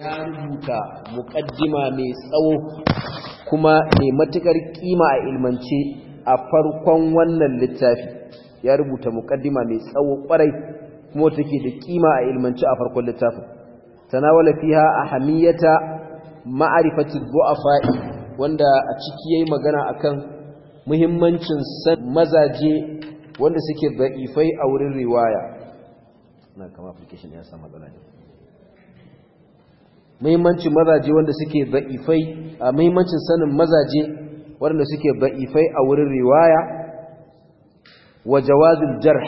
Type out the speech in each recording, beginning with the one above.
ya rubuta muƙaddima mai tsawo kuma mai matukar kima a ilmance a farkon wannan littafi ya rubuta muƙaddima mai tsawo kwarai kuma take da kima a ilmance a farkon littafin tanawala fiha ahamiyata ma'rifati du'afa'i wanda a ciki yayi magana akan muhimmancin san mazaje wanda suke ba'ifai a wurin riwaya na kama application ya samu muhimmancin mazaje wanda suke da'ifai muhimmancin sanin mazaje wanda suke da'ifai a wurin riwaya wa jawazul jarh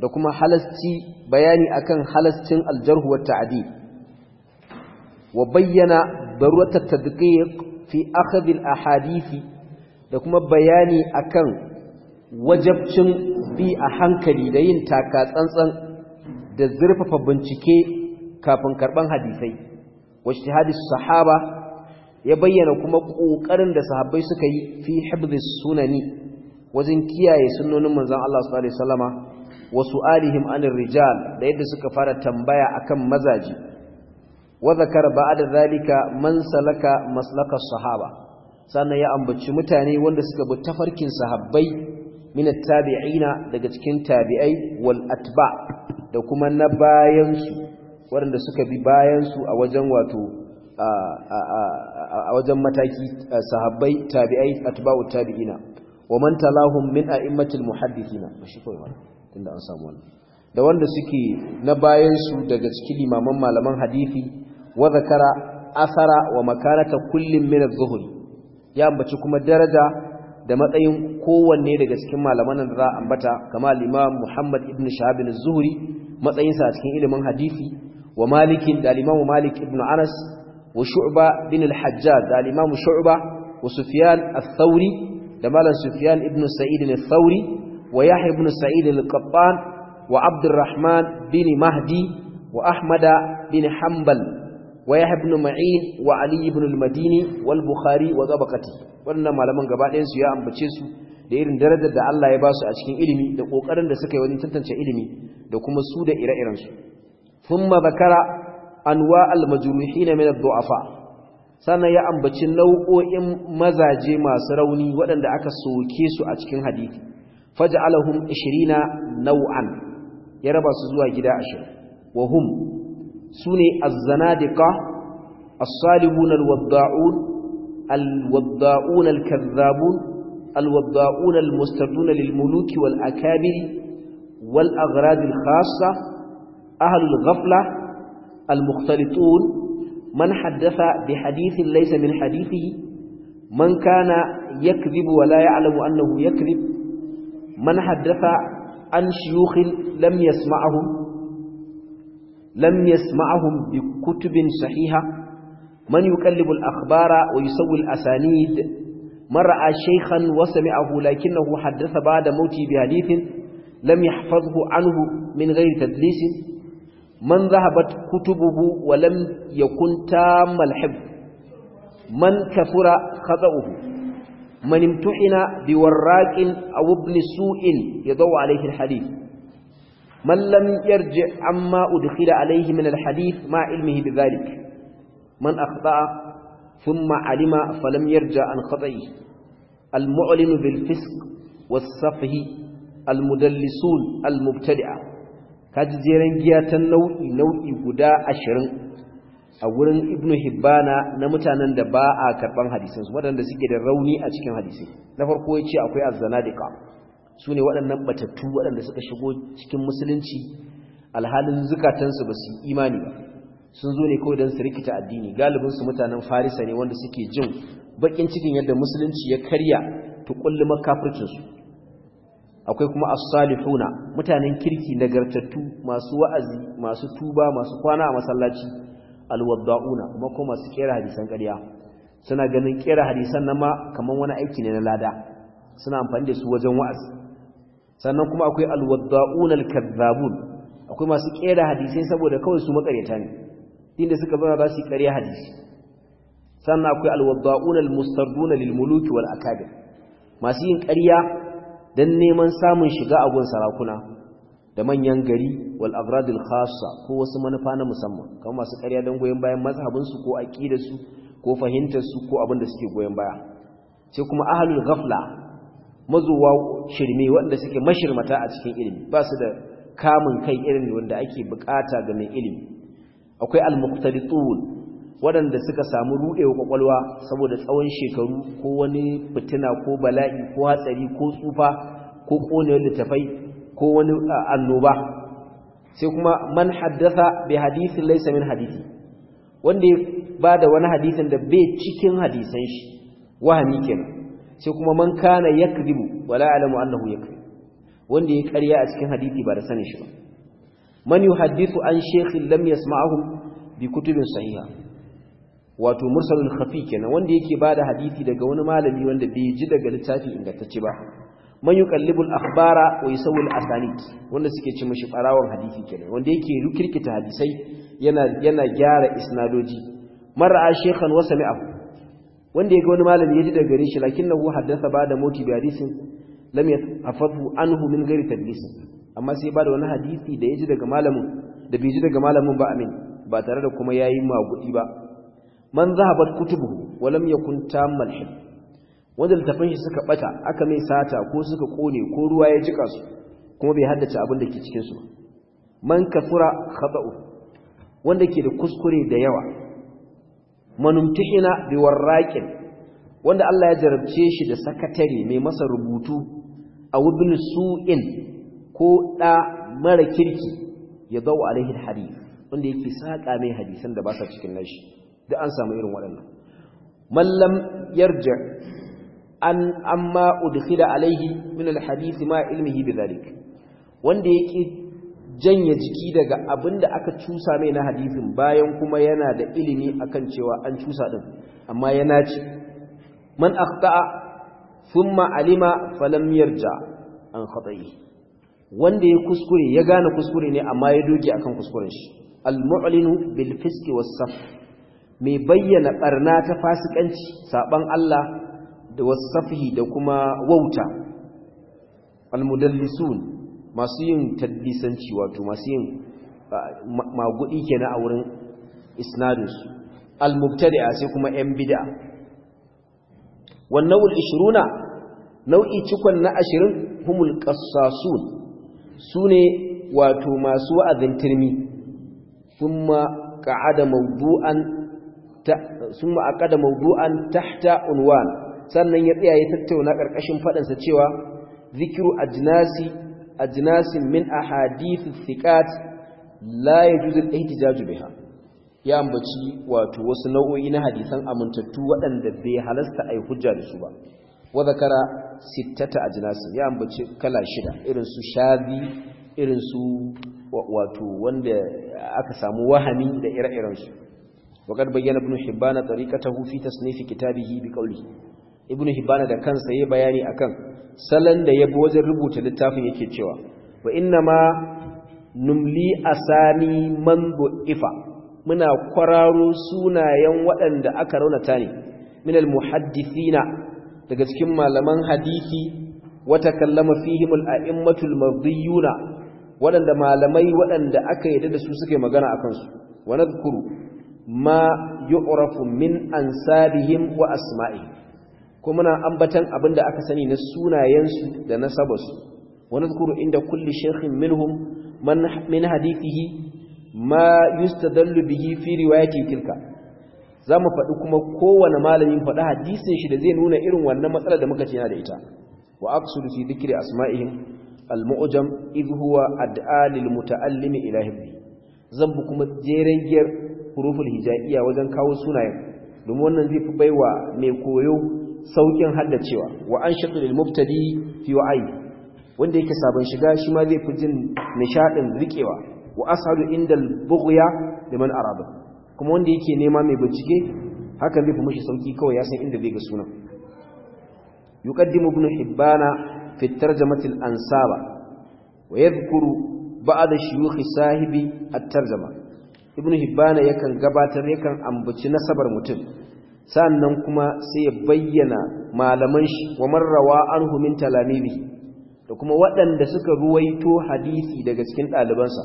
da kuma halasci bayani akan halascin aljarh wa ta'di wa bayyana at tadqiq fi akhd al ahadith da kuma bayani akan wajabcin bi a hankali da yin taka tsantsan da zurfafa bincike kafin karban hadisai wajtihadis sahaba ya bayyana kuma kokarin da sahabbai suka yi fi hifdhis sunani wajen kiyaye sunnonin manzon Allah sallallahu Wasu Alihim, wa rijal da yadda suka fara tambaya akan mazaje. wa ba'a da zalika man salaka maslaka sahaba sannan ya ambaci mutane wanda suka bi tafarkin sahabbai min at-tabi'ina daga cikin tabi'ai wal atba da kuma na bayansu waɗanda suka bi bayansu a wajen wato a wajen mataki sahabbai tabi'ai atba'u tabi'ina wa man talahum min a'immatil muhaddithina shi kawai wannan tunda an samu wannan da wanda suke na bayansu daga cikin limaman malaman hadisi wa zakara asara wa makanata kullin min az-zuhri ya ambaci kuma daraja da matsayin kowanne daga cikin malaman da za a ambata kama al-imam Muhammad ibn Shahab az-Zuhri matsayinsa a cikin ilimin hadisi wa malikin da alimamu malik ibn anas wa shu'ba bin al-hajjaj da shu'ba wa sufyan al da malam sufyan ibnu sa'id al wa yahya ibn sa'id al wa abdulrahman bin mahdi wa ahmada bin hambal wa yahya ibn ma'in wa ali ibn al-madini wal bukhari wa tabaqati wannan malaman gaba ɗayan su ya ambace su da irin darajar da Allah ya ba su a cikin ilimi da kokarin da suka yi wajen tantance ilimi da kuma su da ire-irensu thumma zakara anwa al-majruhin min sannan ya ambaci nau'o'in mazaje masu rauni waɗanda aka soke su a cikin hadisi faj'alahum ishirina nau'an. ya raba su zuwa gida ashirin. Wahum, su sune azzanadika zanadiqa as-salihun al-wadda'un al-wadda'un al-kadhdhabun al lil-muluki wal-akabiri wal-aghrad al ahlul ghafla al-mukhtalitun man haddasa bi hadithin laysa min hadithihi man kana yakrib wa la ya'lamu annahu yakdhib man haddatha an shuyukhin lam yasma'ahum lam bi kutubin sahiha من يقلب الأخبار ويسوي الأسانيد من رأى شيخا وسمعه لكنه حدث بعد موته بحديث لم يحفظه عنه من غير تدليس من ذهبت كتبه ولم يكن تام الحب من كفر خطأه من امتحن بوراق أو ابن سوء يضو عليه الحديث من لم يرجع عما أدخل عليه من الحديث مع علمه بذلك من أخطأ ثم علم فلم يرجع عن خطئه المعلن بالفسق والصفه المدلسون المبتدئه kaji jeren giya ta nau'i nau'i guda ashirin a wurin ibnu hibbana na mutanen da ba a karban su waɗanda suke da rauni a cikin hadisai na farko ya ce akwai azzanadika su ne waɗannan batattu waɗanda suka shigo cikin musulunci alhalin zukatansu ba su imani ba sun zo ne kawai don su rikita addini galibin su mutanen farisa ne wanda suke jin baƙin cikin yadda musulunci ya karya tukulli makafircinsu akwai kuma as-salihuna mutanen kirki nagartattu masu wa'azi masu tuba masu kwana a masallaci al-wadda'una kuma ko masu kera hadisan ƙarya suna ganin kera hadisan nan ma kaman wani aiki ne na lada suna amfani da su wajen wa'azi sannan kuma akwai al-wadda'una al akwai masu kera hadisai saboda kawai su makaryata ne inda suka zama za su yi ƙarya hadisi sannan akwai al-wadda'una al-mustarduna lil muluki wal akabir masu yin ƙarya don neman samun shiga a sarakuna da manyan gari wal agradil khassa ko wasu manufa na musamman kamar masu karya don goyon bayan mazhabinsu ko aƙidarsu ko fahimtarsu ko abin da suke goyon baya sai kuma ahlul ghafla mazuwa shirme waɗanda suke mashirmata a cikin ilimi ba su da kamun kai irin wanda ake bukata ga mai ilimi akwai al-muqtalitun waɗanda suka samu ruɗewa kwakwalwa saboda tsawon shekaru ko wani fitina ko bala'i ko hatsari ko tsufa ko wanda tafai, ko wani annoba sai kuma man haddasa bai hadisin laisa min hadisi wanda ya ba da wani hadisin da bai cikin hadisan shi wahami kenan sai kuma man kana kribu wala alamu annahu yakdib wanda ya karya a cikin hadisi ba da sanin shi ba man yuhaddithu an shekhin lam yasma'ahu bi kutubin sahiha wato mursalul khafi kenan wanda yake bada hadisi daga wani malami wanda bai ji daga littafi ingantacce ba man yuqallibul akhbara wa yusawwil asanid wanda suke ci mishi farawon hadisi kenan wanda yake rukirkita hadisai yana yana gyara isnadoji mar'a shaykhan wa sami'ahu wanda yake wani malami ya ji daga gare shi lakinnahu haddatha bada moti bi hadisin lam yafadhu anhu min ghairi tadlis amma sai bada wani hadisi da ya ji daga malamin da bai ji daga malamin ba amin ba tare da kuma yayin maguɗi ba man zahabat kutubu walam yakun tammal hil wanda littafin shi suka bata aka mai sata ko suka kone ko ruwa ya jika su kuma bai haddace abin da ke cikin su man kafura khata'u wanda ke da kuskure da yawa manumtihina bi warraqin wanda Allah ya jarabce shi da sakatare mai masa rubutu a wubin su'in ko da mara kirki ya zau alaihi hadith wanda yake saka mai hadisan da ba sa cikin nashi da an samu irin waɗannan mallam yarja an amma udkhila alaihi min alhadith ma ilmihi bidhalik wanda yake janye jiki daga abin da aka cusa mai na hadisin bayan kuma yana da ilimi akan cewa an cusa din amma yana ci man akhta'a thumma alima falam yarja an khata'i wanda ya kuskure ya gane kuskure ne amma ya doge akan kuskuren shi al-mu'linu bil fisqi mai bayyana ɓarna ta fasikanci saɓan Allah da wasafihi da kuma wauta almudallisun masu yin taddisanci wato masu yin magudi na a wurin isnadus almubtadi'a sai kuma yan bid'a wannan ul nau'i cikon na ashirin humul su ne wato masu wa'azin tirmi thumma ka’ada mawdu'an sun ma'aƙada mawdu'an tahta unwan sannan ya tsaya tattauna ƙarƙashin faɗansa cewa zikiru ajnasi ajnasin min ahadith thiqat la yajuz al-ihtijaj biha ya ambaci wato wasu nau'o'i na hadisan amintattu waɗanda bai halasta ai hujja da su ba wa zakara sittata jinasin ya ambaci kala shida irin su shazi irin su wato wanda aka samu wahami da ire-irensu وقد بين ابن حبان طريقته في تصنيف كتابه بقوله ابن حبان da kansa yayi bayani akan Salon da bi wajen rubuta littafin yake cewa wa innama numli asani man ifa muna kwararo sunayen waɗanda aka raunata ne min almuhaddithina daga cikin malaman hadisi wa takallama fihim al-a'immatu al-mardiyuna waɗanda malamai waɗanda aka yarda da su suke magana akan su wa nadhkuru ma yu'rafu min ansabihim wa asma'ihim kuma muna ambatan abinda aka sani na sunayensu da nasabarsu wa nadhkuru inda kulli shaykhin minhum man min hadithihi ma yustadallu bihi fi riwayati tilka zamu faɗi kuma kowane malamin faɗi hadisin shi da zai nuna irin wannan matsalar da muka ci tana da ita wa aqsudu fi dhikri asma'ihim al-mu'jam idh huwa ad'a lil muta'allimi ila hibbi zambu kuma jerengiyar huruful hijaiya wajen kawo sunayen domin wannan zai fi baiwa mai koyo saukin haddacewa wa an shaɗu da mubtadi fi wa'ai wanda yake sabon shiga shi ma zai fi jin nishaɗin rikewa wa ashalu inda da liman arabin, kuma wanda yake nema mai bincike haka zai fi mashi sauki kawai ya san inda zai ga sunan yuqaddimu ibn hibbana fi tarjamati al ansaba wa yadhkuru ba'da shuyukh sahibi at tarjama Ibn hibbana yakan gabatar yakan ambaci nasabar mutum sannan kuma sai ya bayyana malaman shi wa marrawa anhu min talamibi da kuma waɗanda suka ruwaito hadisi daga cikin ɗalibansa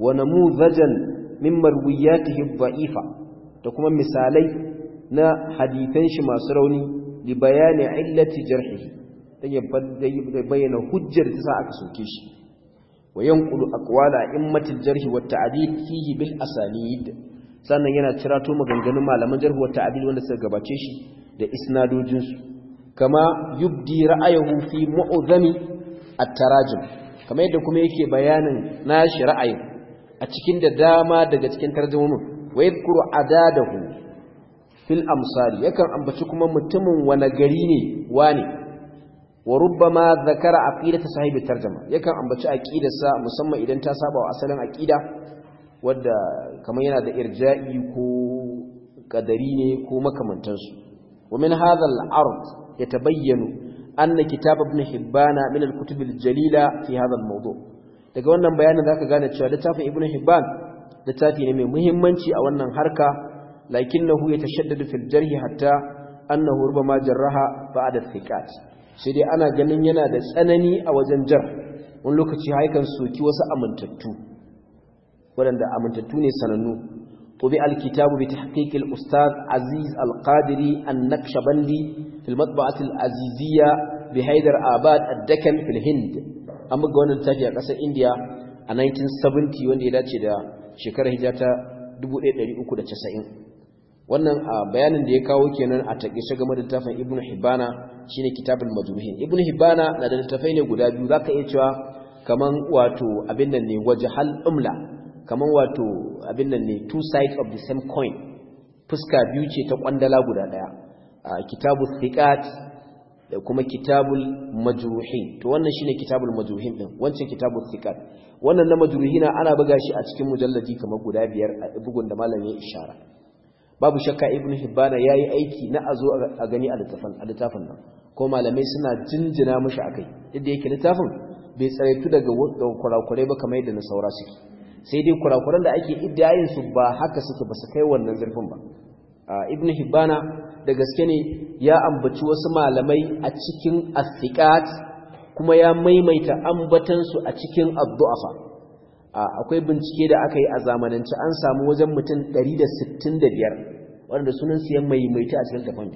wa namudhajan min marwiyatihi dha'ifa da kuma misalai na hadisan shi masu rauni li bayani illati jarhihi dan ya bayyana hujjar da sa aka soke shi وينقل أقوال أئمة الجرح والتعديل فيه بالأسانيد sannan yana cirato maganganun malaman jarhu wa ta'dil wanda suka gabace shi da isnadojin su kama yubdi ra'ayahu fi mu'dhami at-tarajum kama yadda kuma yake bayanin nashi ra'ayin a cikin da dama daga cikin tarjumomin wa yadhkuru adadahu fil amsal yakan ambaci kuma mutumin wani gari ne wani wa rubbama zakara aqidata sahibi tarjuma yakan ambaci aqidarsa musamman idan ta saba wa asalin aqida wadda kamar yana da irja'i ko qadari ne ko makamantansu wa min hadha al-ard yatabayyanu anna kitab ibn hibbana min al jalila fi hadha al-mawdu' daga wannan bayanin zaka gane cewa littafin ibn hibban littafi ne mai muhimmanci a wannan harka lakin lakinnahu yatashaddadu fil jarhi hatta annahu rubama jarraha da thiqat sai dai ana ganin yana da tsanani a wajen jar wani lokaci haikan soki wasu amintattu waɗanda amintattu ne sanannu to bi alkitabu bi tahqiqil ustad aziz alqadiri an nakshabandi fil matba'at aziziyya bi haidar abad a dakan fil hind an buga wannan tafi a ƙasar india a 1970 wanda ya dace da shekarar hijata ta 1390 wannan a ah, bayanin da ya kawo kenan a take game da tafin ibnu hibana shine kitabul majruhin ibnu hibana na da littafai ne guda biyu zaka iya cewa kaman wato abin nan ne wajhal umla kaman wato abin nan ne two sides of the same coin fuska biyu ce ta kwandala guda daya kitabul thiqat da kuma kitabul majruhin to wannan shine kitabul majruhin din wancan kitabul thiqat wannan na majruhina ana buga shi a cikin mujalladi kamar guda biyar a bugun da malamin ishara babu shakka ibnu hibbana yayi aiki na azo a gani a littafin nan ko malamai suna jinjina mashi kai, yadda yake littafin bai tsaraitu daga kurakurai ba kamar yadda na saura suke sai dai kurakuran da ake iddayin su ba haka suke ba su kai wannan zurfin ba ibnu hibbana da gaske ne ya ambaci wasu malamai a cikin athiqat kuma ya maimaita ambatansu a cikin addu'afa akwai bincike da aka yi a zamanance an samu wajen mutum 165 wanda sunan su ya maimaita a cikin tafan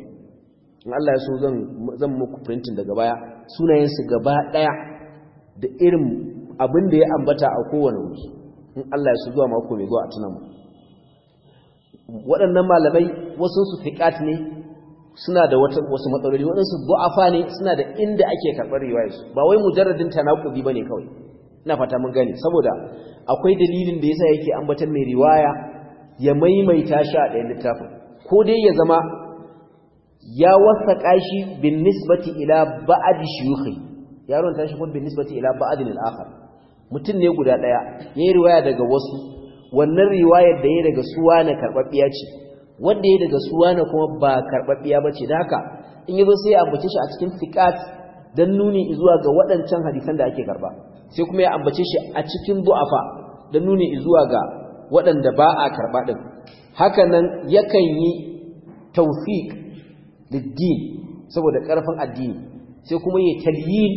in Allah ya so zan zan muku printing daga baya sunayen su gaba daya da irin abin da ya ambata a kowane wuri in Allah ya so zuwa mako mai zuwa a tunan waɗannan malamai wasu su fiqat ne suna da wata wasu matsaloli waɗansu du'afa ne suna da inda ake karɓar riwayar ba wai mujarradin tanaqubi bane kawai ina fata mun gane saboda akwai dalilin da yasa yake ambatar mai riwaya ya maimaita shi a ɗayan littafin ko dai ya zama ya wasa shi bin nisbati ila ba'ad shuyukhi yaron tashi kuma bin nisbati ila ba'ad lil akhar mutum ne guda daya yayi riwaya daga wasu wannan riwayar da yayi daga suwa na karbabbiya ce wanda yayi daga suwa na kuma ba karbabbiya bace da haka in yazo sai ya ambace shi a cikin fiqat dan nuni zuwa ga waɗancan hadisan da ake karba sai kuma ya ambace shi a cikin du'afa dan nuni zuwa ga waɗanda ba a karba din haka nan yakan yi tawfiq liddin saboda karfin addini sai kuma ya talyin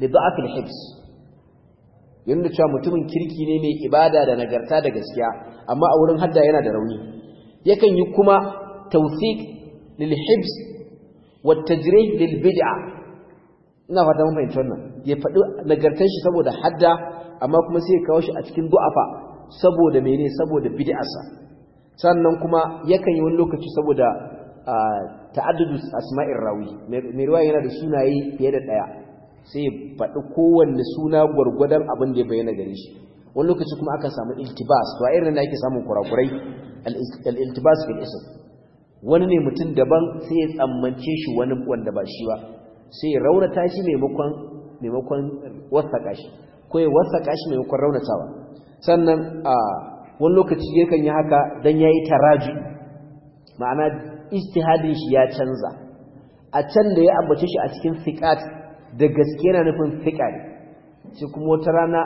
da da'af al yanda cewa mutumin kirki ne mai ibada da nagarta da gaskiya amma a wurin hadda yana da rauni yakan yi kuma tawfiq lil hibs wa tajrih lil bid'a ina fata mun fahimci ya faɗi nagartar shi saboda hadda amma kuma sai ya kawo shi a cikin du'afa saboda mene saboda bid'arsa sannan kuma yakan yi wani lokaci saboda ta'addudu asma'ir rawi mai ruwa yana da sunaye fiye da daya sai faɗi kowanne suna gwargwadon abin da ya bayyana gare shi wani lokaci kuma aka samu iltibas to a irin da ake samun kurakurai al-iltibas fil ism wani ne mutum daban sai ya tsammance shi wani wanda ba shi ba sai ya raunata shi maimakon maimakon wasaka shi ko ya wasaka shi maimakon raunatawa sannan a wani lokaci yakan yi haka dan yayi taraji ma'ana ijtihadin shi ya canza a can da ya ambace shi a cikin fiqat da gaske yana nufin fiqa ne sai kuma wata rana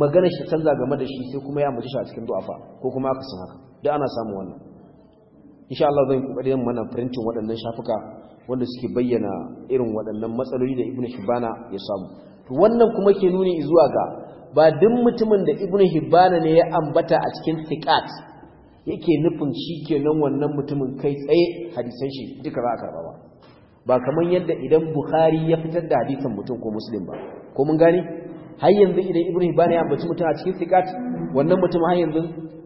magana shi canza game da shi sai kuma ya ambace shi a cikin du'afa ko kuma aka san haka duk ana samu wannan insha Allah zan kokari yin mana printing waɗannan shafuka wanda suke bayyana irin waɗannan matsaloli da Ibn Hibana ya samu to wannan kuma ke nuni zuwa ga ba duk mutumin da Ibn Hibana ne ya ambata a cikin fiqat yake nufin shi kenan wannan mutumin kai tsaye hadisan shi duka za a karba ba ba kamar yadda idan bukhari ya fitar da hadisan mutum ko muslim ba ko mun gane har yanzu idan ibnu hibban ya ambaci mutum a cikin sikat wannan mutum har yanzu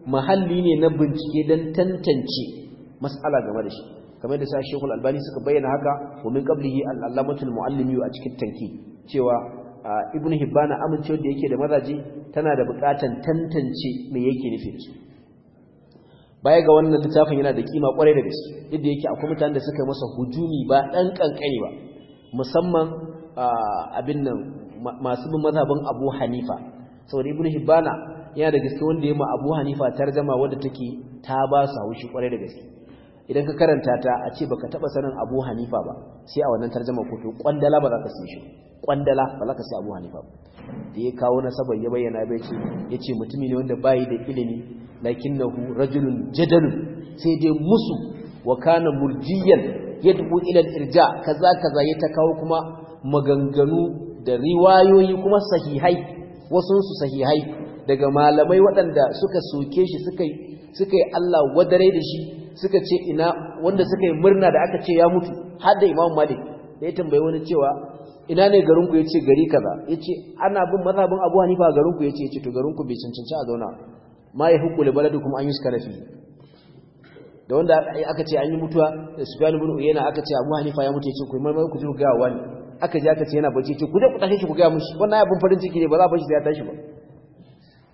mahalli ne na bincike dan tantance mas'ala game da shi kamar yadda sa shekul albani suka bayyana haka wa min qablihi al-allamatul muallimi a cikin tanki cewa ibnu hibban amincewa da yake da mazaje tana da bukatan tantance mai yake nufi da su baya ga wannan littafin yana da kima kwarai da gaske yadda yake akwai mutanen da suka masa hujumi ba dan kankani ba musamman abin nan masu bin mazhabin Abu Hanifa saboda Ibn Hibbana yana da gaske wanda ya ma Abu Hanifa tarjuma wanda take ta ba sa haushi kwarai da gaske idan ka karanta ta a ce baka taba sanin Abu Hanifa ba sai a wannan tarjuma ko to kwandala ba za ka san shi kwandala ba za ka san Abu Hanifa ba da ya kawo sabon ya bayyana bai ce yace mutumi ne wanda bai da ilimi lakinnahu rajulun jadalun sai dai musu wa kana murjiyan yad'u ila al-irja kaza kaza ya ta kawo kuma maganganu da riwayoyi kuma sahihai wasun su sahihai daga malamai waɗanda suka soke shi suka suka yi Allah wadare da shi suka ce ina wanda suka yi murna da aka ce ya mutu har da Imam Malik ya tambayi wani cewa ina ne garinku yace gari kaza yace ana bin mazhabin Abu Hanifa garinku yace yace to garinku bai cancanci a zauna ma ya hukku baladu kuma an suka fi da wanda aka ce an yi mutuwa da su Sufyan ibn uyena aka ce Abu Hanifa ya mutu ya ce ku mai ku ji ga wani aka ji aka ce yana bacci ce ku da ku tashi ku gaya mushi wannan abin farin ciki ne ba za a bar shi ya tashi ba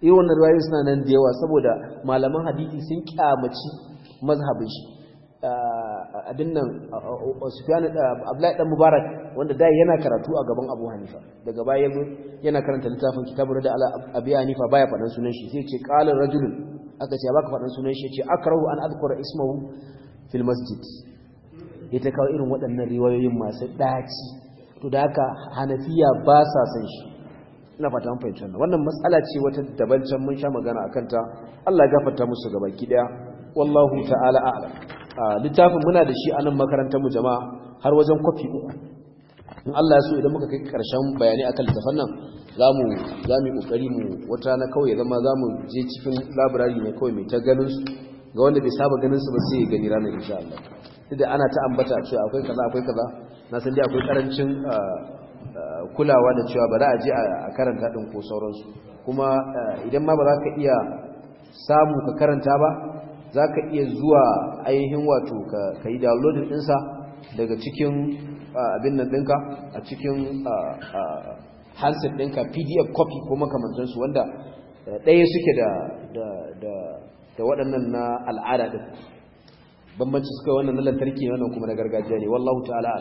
irin wannan ruwayoyi suna nan da yawa saboda malaman hadisi sun kyamaci mazhabin shi Eh, abin nan eh, Sufyan eh, Abdullahi dan Mubarak wanda dai yana karatu a gaban Abu Hanifa daga baya yazo yana karanta littafin Kitabur da ala Abi Hanifa baya fadan sunan shi sai ce qala rajul aka ce baka fadan sunan shi ce akrahu an adkura ismahu fil masjid ita kawo irin waɗannan riwayoyin masu daci to da haka Hanafiya ba sa san shi ina fata mun fahimta wannan matsala ce wata dabancan mun sha magana akan ta Allah ya gafarta musu gabaki daya wallahu ta'ala a'lam littafin muna da shi a nan makarantar mu jama'a har wajen kwafi uku in Allah ya so idan muka kai karshen bayani akan littafin nan zamu zamu kokari mu wata na kawai zama zamu je cikin library ne kawai mai ta ganin su ga wanda bai saba ganin su ba sai ya gani ranar insha Allah duk da ana ta ambata cewa akwai kaza akwai kaza na san dai akwai karancin kulawa da cewa ba za a je a karanta din ko sauransu kuma idan ma ba za ka iya samu ka karanta ba za ka iya zuwa ainihin wato ka yi downloading ɗinsa daga cikin abin nan ɗinka a cikin handset ɗinka pdf copy ko makamantansu wanda ɗaya suke da waɗannan na al'ada ɗin bambanci suka wannan lantarki wannan kuma na gargajiya ne wallahu ta'ala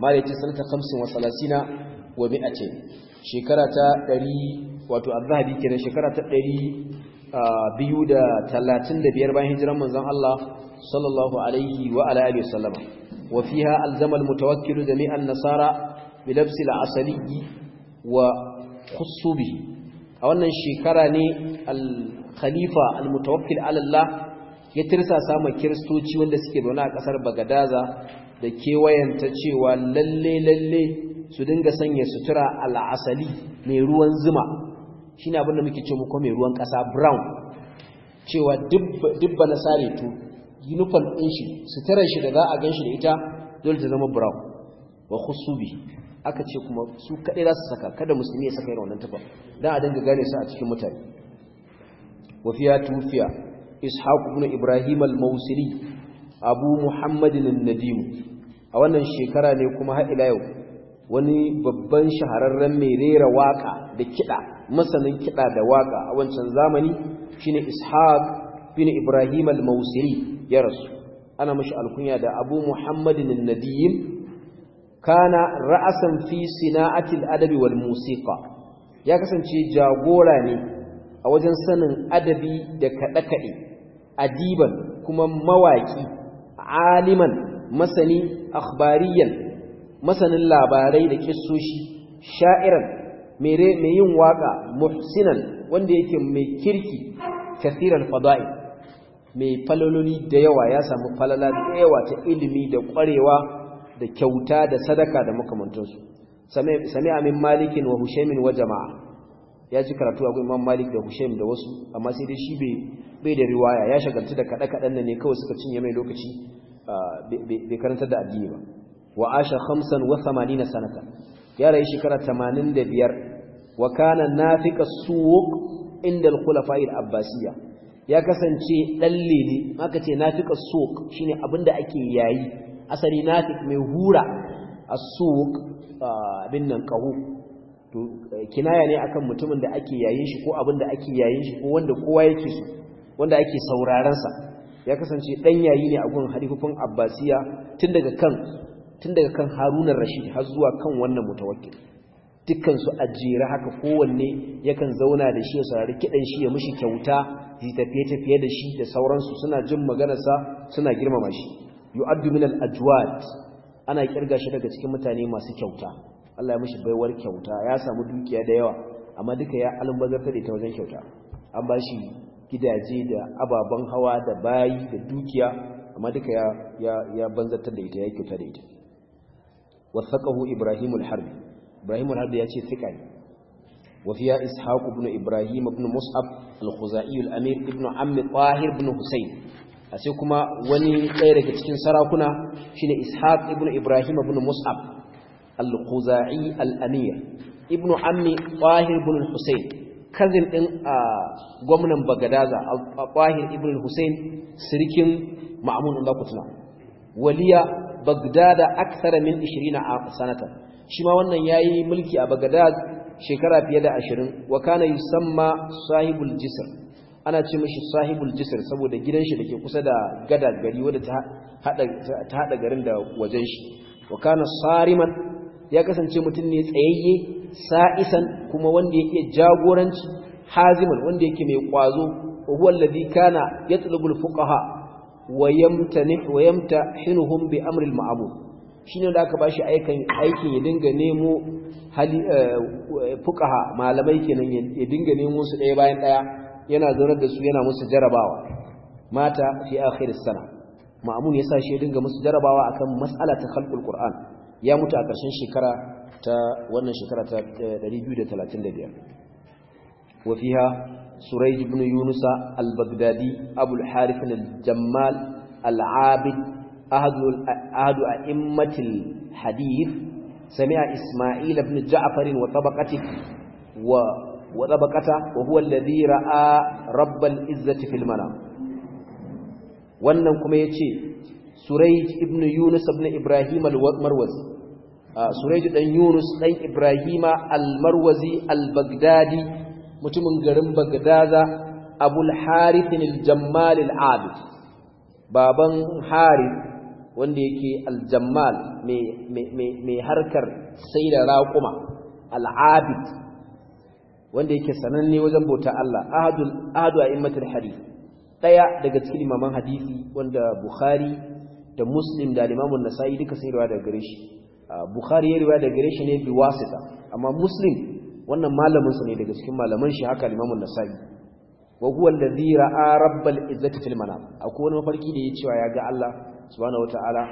ma da yake sanata 35 wa ce. shekara ta ɗari wato azhabi kenan shekara ta ɗari. biyu da talatin da biyar bayan hijiran manzon Allah sallallahu alaihi wa ala alihi wa fiha alzama nasara bi labsi asali wa khussu a wannan shekara ne al-khalifa al-mutawakkil ya tirsa sama kiristoci wanda suke zaune a kasar Bagadaza da kewayenta cewa lalle lalle su dinga sanya sutura al-asali mai ruwan zuma shine abin da muke ce muku mai ruwan kasa brown cewa dubba na sare to uniform ɗin shi suturar shi da za a gan shi da ita dole ta zama brown wa bi, aka ce kuma su kaɗai za su saka kada musulmi ya saka irin wannan tafa don a dinga gane su a cikin mutane wa fiya tufiya ishaq na ibrahim al abu muhammadin nadimu a wannan shekara ne kuma har ila yau wani babban shahararren mai rera waka da kiɗa. masanin kiɗa da waƙa a wancan zamani shine ishaq bin ibrahim al-mausiri ya rasu ana mashi alkunya da abu muhammadin nadiyin kana ra'asan fi sina'atil adabi wal musiqa ya kasance jagora ne a wajen sanin adabi da kaɗe-kaɗe adiban kuma mawaƙi aliman masani akhbariyan masanin labarai da kissoshi sha'iran mere mai yin waka muhsinan wanda yake mai kirki kathiran fada'i mai falaloli da yawa ya samu falala da yawa ta ilimi da kwarewa da kyauta da sadaka da makamantansu sami amin malikin wa hushemin wa jama'a ya ci karatu a imam malik da hushem da wasu amma sai dai shi bai da riwaya ya shagarci da kaɗa kaɗan da ne kawai suka cinye mai lokaci bai karantar da addini ba wa asha khamsan wa samanina sanata ya rayu shekara 85 wa kana nafiqa suq inda al-khulafa'i al-abbasiyya ya kasance dan lele aka ce nafiqa suq shine abinda ake yayi asali nafiq mai hura as-suq abin nan qahu kinaya ne akan mutumin da ake yayin shi ko abin abinda ake yayin shi ko wanda kowa yake so wanda ake sauraron sa ya kasance dan yayi ne a gun halifufin abbasiya tun daga kan tun daga kan Harun rashid har zuwa kan wannan mutawakkil dukansu a jere haka kowanne yakan zauna da shi ya saurari kiɗan shi ya mishi kyauta yi tafiye-tafiye da shi da sauransu suna jin maganarsa suna girmama shi yu'addu minal ajwad ana kirga shi daga cikin mutane masu kyauta Allah ya mishi baiwar kyauta ya samu dukiya da yawa amma duka ya almubazarta da ita wajen kyauta an ba shi gidaje da ababen hawa da bayi da dukiya amma duka ya ya, ya banzartar da ita ya kyauta da ita wasaqahu ibrahimul harbi ibrahim al ya ce thiqa ne Wafiya fiya ishaq ibn ibrahim ibn mus'ab al-khuzai al-amir ibn ammi tahir ibn husayn sai kuma wani ɗaya daga cikin sarakuna shine ishaq ibn ibrahim ibn mus'ab al-khuzai al-amir ibn ammi tahir ibn husayn kazin ɗin a gwamnan bagadaza a ƙwahir ibn hussein sirikin ma'amun ɗan waliya bagdada aksara min 20 a sanatan shi ma wannan yi mulki a bagadad shekara fiye da ashirin. wa kana samma sahibul jisr ana ce mashi sahibul jisir saboda gidan shi ke kusa da gada gari wadda ta hada garin da wajen shi wa kana sariman ya kasance mutum ne tsayayye sa'isan kuma wanda ya ke jagoranci haziman wanda yake mai kwazo wa huwa alladhi kana yatlubul fuqaha wa yamtani wa yamtahinuhum bi amri al shine da aka ba shi aikin ya dinga nemo hali eh, fuqaha malamai kenan ya dinga nemo su ɗaya bayan ɗaya yana zaurar da su yana musu jarabawa mata fi akhir sana ma'mun yasa shi ya dinga musu jarabawa akan matsala ta khalqul qur'an ya mutu a ƙarshen shekara ta wannan shekara ta 235 eh, wa fiha surayj ibn Yunusa, al-baghdadi abul harith al-jammal al-abid ahadu a immatil hadith sami'a isma'il ibn ja'farin wa tabaqati wa wa tabaqata wa huwa alladhi ra'a rabbal izzati wannan kuma yace suraij ibn yunus ibn ibrahim marwazi suraij dan yunus dan ibrahima al-marwazi al-baghdadi mutumin garin bagdaza abul harith al-jammal baban harith wanda yake aljammal mai harkar sai da raƙuma al'abid wanda yake sananne wajen bauta Allah ahadu a immatar hadith ɗaya daga cikin imaman hadithi wanda bukhari da muslim da limamun nasa'i duka sun riwa daga gare shi bukhari ya riwa daga gare shi ne bi wasita amma muslim wannan malaminsa ne daga cikin malaman shi haka limamun nasa'i wa huwa allazi ra'a rabbal izzati fil manam akwai wani mafarki da ya cewa ya ga Allah subhanahu wataala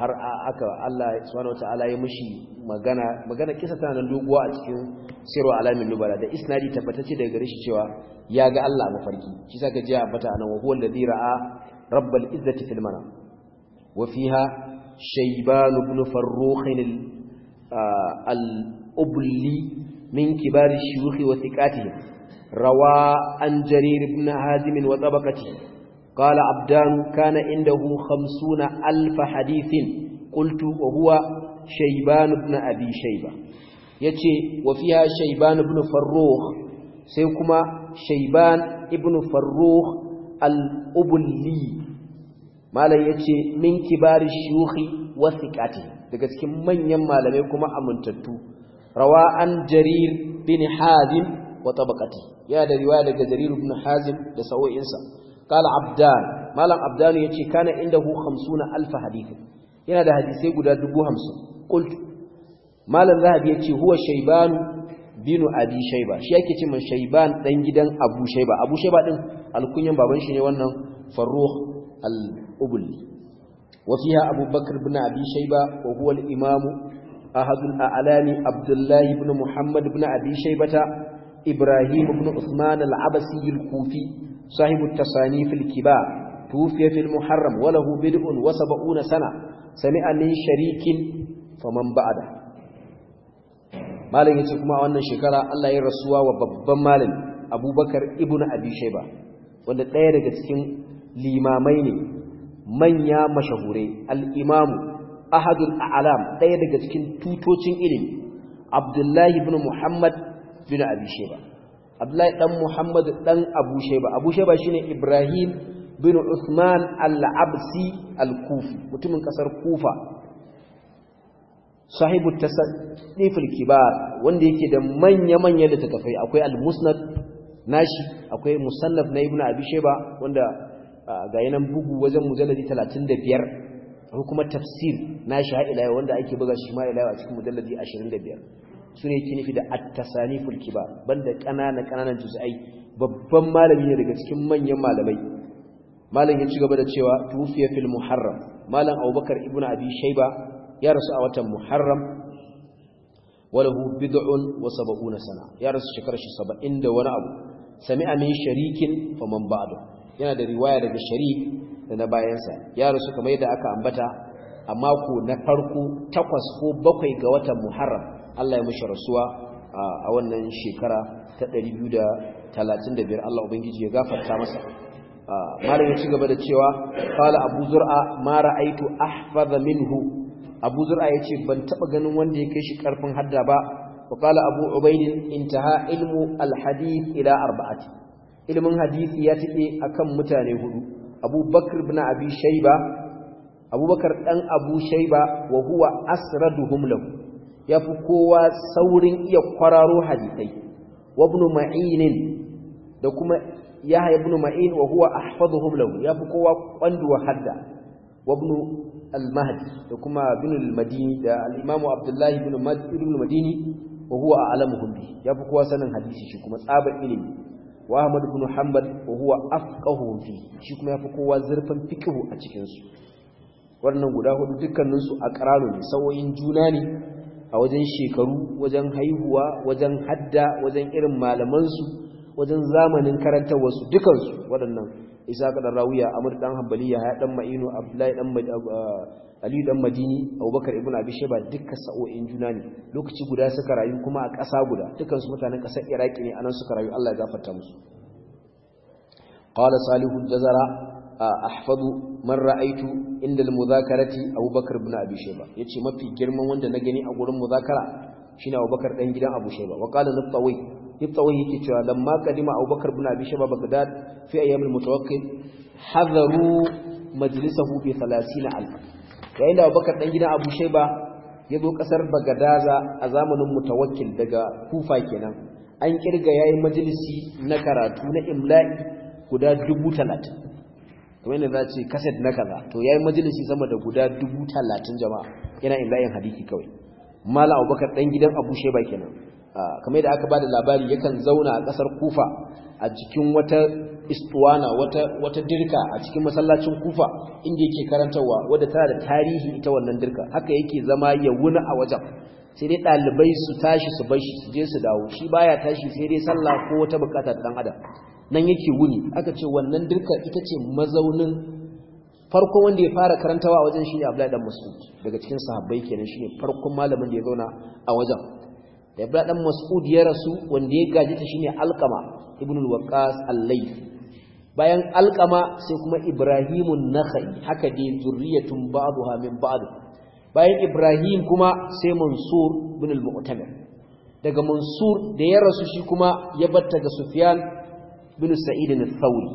har aka Allah subhanahu wataala ya mushi magana magana kisa tana nan doguwa a cikin sirru alamin nubala da isnadi tabbatacce daga gare shi cewa ya ga Allah mafarki shi saka jiya bata nan wa huwa alladhi ra'a rabbal izzati fil manam wa fiha shayban ibn farrukh al ubli min kibar shuyukh wa thiqatihi rawa an jarir ibn hazim wa tabaqatihi قال عبدان كان عنده خمسون ألف حديث قلت وهو شيبان بن أبي شيبة يتي وفيها شيبان بن فروخ سيكما شيبان ابن فروخ الأبلي ما لا يتي من كبار الشيوخ وثقاته daga cikin manyan malamai kuma amintattu rawa an jarir bin hazim wa tabaqati ya da riwaya daga jarir ibn hazim da sa'o'insa قال عبدان مالك عبدان يجي كان عنده خمسون ألف حديث هنا ده حديثي قد دبو همسون قلت مالك ذهب يجي هو شيبان بن أبي شيبة شيكي من شيبان دنجدن أبو شيبة أبو شيبة دن الكنين بابن شنوانا فروخ الأبلي وفيها أبو بكر بن أبي شيبة وهو الإمام أحد الأعلام عبد الله بن محمد بن أبي شيبة إبراهيم بن عثمان العبسي الكوفي صاحب التصانيف الكبار توفي في المحرم وله بدء وسبعون سنة سمع من شريك فمن بعده مالك يتكما وانا شكرا الله يرسوا وببا مالك أبو بكر ابن أبي شيبة wanda ɗaya daga cikin limamai ne manya mashahure al'imamu ahadul alam ɗaya daga cikin tutocin ilimi abdullahi ibn muhammad bin abisheba abdullahi dan muhammad ɗan abu shaiba abu shaiba shine ibrahim bin usman al-absi al-kufi mutumin ƙasar kufa sahibu tasadif al-kibar wanda yake da manya-manyan littattafai akwai al-musnad nashi akwai musannaf na ibnu abi shaiba wanda ga yanan bugu wajen mujalladi 35 akwai kuma tafsir nashi ha wanda ake buga shi ma a cikin mujalladi 25 su ne nufi da attasaniful kibar banda ƙanana kananan juz'ai babban malami ne daga cikin manyan malamai malam ya ci gaba da cewa tufiya fil muharram malam abubakar ibnu abi shayba ya rasu a watan muharram walahu bid'un wa sab'una sana ya rasu shekara shi 70 da wani abu sami'a min sharikin man ba'du yana da riwaya daga sharik da na bayansa ya rasu kamar yadda aka ambata amma ko na farko takwas ko bakwai ga watan muharram Allah ya mushi rasuwa a wannan shekara ta 235 Allah ubangiji ya gafarta masa Malamin ya ci gaba da cewa qala abu zur'a ma ra'aitu ahfaza minhu abu zur'a yace ban taba ganin wanda ya kai shi karfin hadda ba wa qala abu ubayd intaha ilmu alhadith ila arba'ati ilmin hadith ya tike akan mutane hudu abu bakr ibn abi shayba bakr dan abu shayba wa huwa asraduhum lahu ya fi kowa saurin iya kwararo hadisai wa ibn ma'inin da kuma haya ibn ma'in wa huwa ahfazuhum lahu ya fi kowa kwanduwa hadda wa ibn al-mahdi da kuma ibn al-madini da al-imamu abdullahi bin al-madini wa huwa alamu hundi ya fi kowa sanin hadisi shi kuma tsabar ilimi wa ahmad ibn hanbal wa huwa afqahu fi shi kuma ya fi kowa zurfin fikihu a cikinsu. wannan guda hudu dukkaninsu a ne sauyin juna ne a wajen shekaru wajen haihuwa wajen hadda wajen irin malamansu wajen zamanin karantarwarsu dukansu waɗannan isa kaɗan rawiya amur ɗan hambaliya ya ɗan ma'inu abdullahi ɗan uh, aliyu ɗan madini abubakar ibn abi sheba duka sa'o'in juna ne lokaci guda suka rayu kuma a ƙasa guda dukansu mutanen ƙasar iraki ne anan suka rayu allah ya gafarta musu qala salihu jazara ahfadu man ra'aitu inda al-muzakarati Abubakar ibn Abi Shayba yace mafi girman wanda na gani a gurin muzakara shine Abubakar dan gidan Abu Shayba wa qala Nattawi Nattawi yake cewa lamma kadima Abubakar ibn Abi Shayba Baghdad fi ayyam al-mutawakkil hadaru majlisahu bi 30000 yayin da Abubakar dan gidan Abu Shayba ya zo kasar Bagadaza a zamanin mutawakkil daga Kufa kenan an kirga yayin majlisi na karatu na imla'i guda dubu talatin. kuma yana za ce kaset na kaza to ya yi majalisi sama da guda dubu talatin jama'a yana in layin hadiki kawai mala abubakar ɗan gidan abu sheba kenan ah, kamar yadda aka ba da labari yakan zauna a kasar kufa a cikin wata istuwana wata dirka a cikin masallacin kufa inda yake karantarwa wadda tana da tarihi ita wannan dirka haka yake zama ya wuna a wajen sai dai ɗalibai su tashi su bar shi su je su dawo shi baya tashi sai dai sallah ko wata bukatar dan adam nan yake wuni aka ce wannan dukkan ita ce mazaunin farko wanda ya fara karantawa a wajen shi ne Abdullahi dan Mas'ud daga cikin sahabbai kenan ne farkon malamin da ya zauna a wajen da Abdullahi dan Mas'ud ya rasu wanda ya gaji ta shine Alqama ibn al-Waqqas al-Layth bayan Alqama sai kuma Ibrahimun Nakhai haka dai zurriyatun ba'daha min ba'd bayan Ibrahim kuma sai Mansur ibn al-Mu'tamir daga Mansur da ya rasu shi kuma ya batta ga Sufyan bin sa'id al-thawri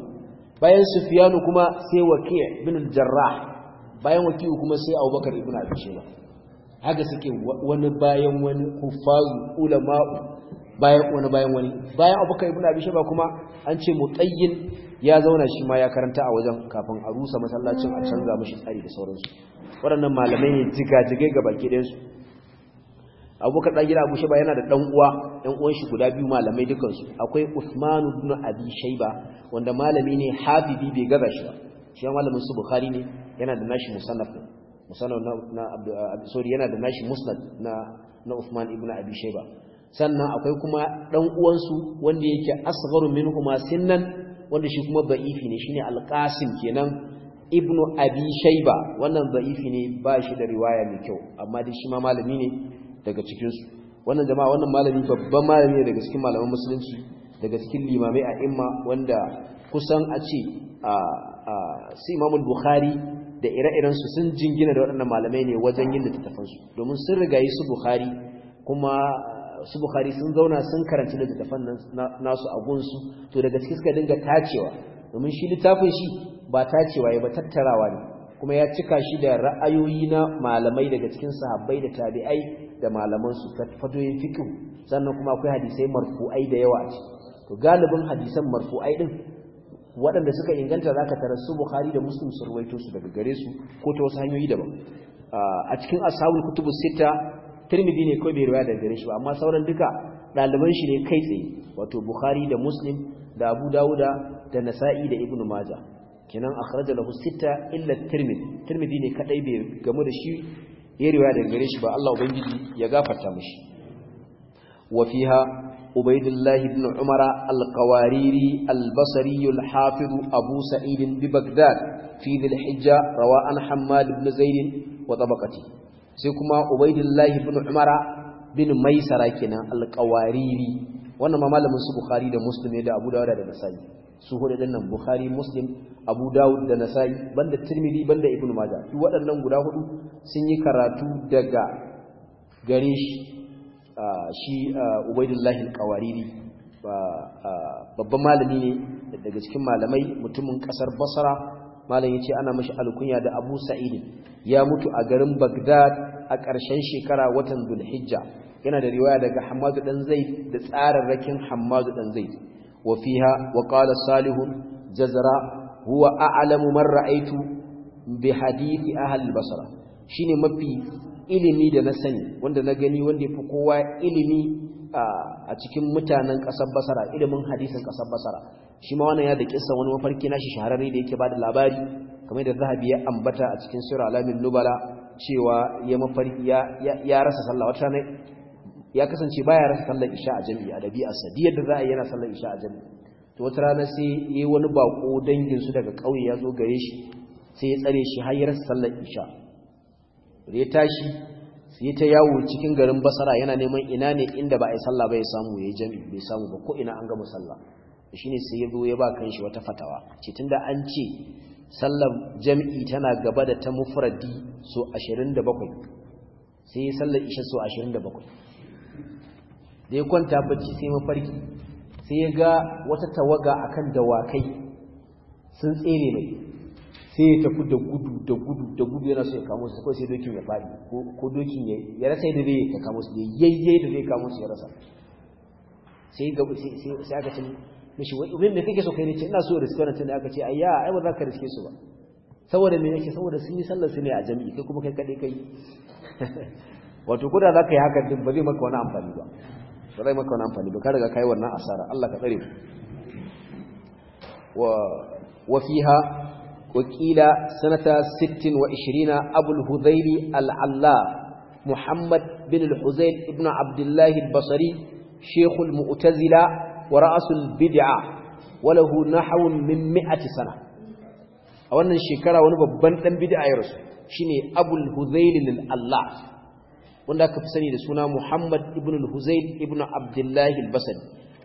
bayan sufyan kuma sai waki' bin al-jarrah bayan waki' kuma sai abubakar ibn abi shayba haka suke wani bayan wani kufazu ulama'u bayan wani bayan wani bayan abubakar ibn abi shayba kuma an ce mutayyin ya zauna shi ma ya karanta a wajen kafin a rusa masallacin a canza mishi tsari da sauransu waɗannan malamai ne jigajigai ga baki ɗayansu abubakar ɗan gida abu shaiba yana da ɗan uwa ɗan uwan shi guda biyu malamai dukansu akwai usman ibn abi shaiba wanda malami ne Habibi bai gaza shi ba shi malamin su bukhari ne yana da nashi musannaf musannaf na sorry yana da nashi musnad na na usman ibn abi shaiba sannan akwai kuma ɗan uwansu wanda yake asgharu minhuma sinnan wanda shi kuma ba'ifi ne shine alqasim kenan ibnu abi shaiba wannan ba'ifi ne ba shi da riwaya mai kyau amma dai shi ma malami ne daga cikinsu wannan jama'a wannan malami babban malami daga cikin malaman musulunci daga cikin limamai a imma wanda kusan a ce su imamun bukhari da ire-irensu sun jingina da waɗannan malamai ne wajen yin littattafansu domin sun rigayi su bukhari kuma su bukhari sun zauna sun karanci littattafan nasu a gunsu to daga cikin suka dinga tacewa domin shi littafin shi ba tacewa ya ba tattarawa ne kuma ya cika shi da ra'ayoyi na malamai daga cikin sahabbai da tabi'ai da malamansu ta fatoyin fikin sannan kuma akwai hadisai marfu'ai da yawa a to galibin hadisan marfu'ai din waɗanda suka inganta za ka tarar su bukhari da muslim su ruwaito su daga gare su ko ta wasu hanyoyi daban a cikin ashabul kutubu sita tirmidhi ne kawai bai ruwa da gare shi ba amma sauran duka ɗaliban shi ne kai tsaye wato bukhari da muslim da abu dawuda da nasa'i da ibnu majah kenan akhraja lahu sita illa tirmidhi tirmidhi ne kadai bai gamu da shi ya riwaya da gare shi ba Allah ubangiji ya gafarta mishi wa fiha ubaidullah ibn umar al-qawariri al-basri al-hafiz abu sa'id bi baghdad fi dhil hijja rawa an hammad ibn zaid wa tabaqati sai kuma ubaidullah ibn umar bin maisara kenan al-qawariri wannan ma malamin su bukhari da muslim da abu dawud da nasai su hudu din nan bukhari muslim abu dawud da nasa'i banda tirmidhi banda Ibn majah duk waɗannan guda hudu sun yi karatu daga gare shi shi ubaidullahi alqawariri babban malami ne daga cikin malamai mutumin ƙasar basra malam yace ana mashi alkunya da abu sa'id ya mutu a garin bagdad a ƙarshen shekara watan hijja. yana da riwaya daga hamadu ɗan zaid da tsararrakin hamadu dan zaid وفيها وقال صالح جزرا هو أعلم من رأيت بحديث أهل البصرة شيني مبي ilimi da na sani wanda na gani wanda ya fi kowa ilimi a cikin mutanen ƙasar basara ilimin hadisin ƙasar basara shi ma wannan ya da kisa wani mafarki nashi shahararre da yake ba da labari kamar da zahabi ya ambata a cikin sura alamin nubala cewa ya mafarki ya rasa sallah wata ne ya kasance baya rasa sallar isha a jami'i a dabi'a diyar da za a yi yana sallar isha a jami'i to wata rana sai ya yi wani bako dangin su daga ƙauye ya zo gare shi sai ya tsare shi har yi rasa sallar isha da ya tashi sai ta yawo cikin garin basara yana neman ina ne inda ba a yi sallah ba ya samu ya jami'i bai samu ba ko ina an gama sallah ne sai ya zo ya ba kanshi wata fatawa ce da an ce sallar jami'i tana gaba da ta mufradi so 27 sai sallar isha so 27 da ya kwanta bacci sai mafarki sai ya ga wata tawaga akan dawakai sun tsere mai sai ya tafi da gudu da gudu da gudu yana so ya kamo su kawai sai dokin ya fadi ko dokin ya rasa yadda zai ya kamo su yayye da zai kamo su ya rasa sai ga sai aka ce mishi wani da kake so kai ne ce ina so suke da aka ce ayya ai ba za ka riske su ba saboda me yake saboda sun yi sallar su ne a jami'i kai kuma kai kadai kai wato ko da za ka yi haka din ba zai maka wani amfani ba ba zai maka wani amfani ba ka daga kai wannan asara Allah ka tsare wa wa fiha sanata 26 wa abul hudhayri al muhammad bin al-huzayl ibn abdullah al-basri shaykh al-mu'tazila wa ra'as al-bid'a wa lahu nahwu sana a wannan shekara wani babban dan bid'a ya rasu shine abul hudhayl al wanda aka fi sani da suna Muhammad ibn al-Huzayn ibn Abdullah al-Basri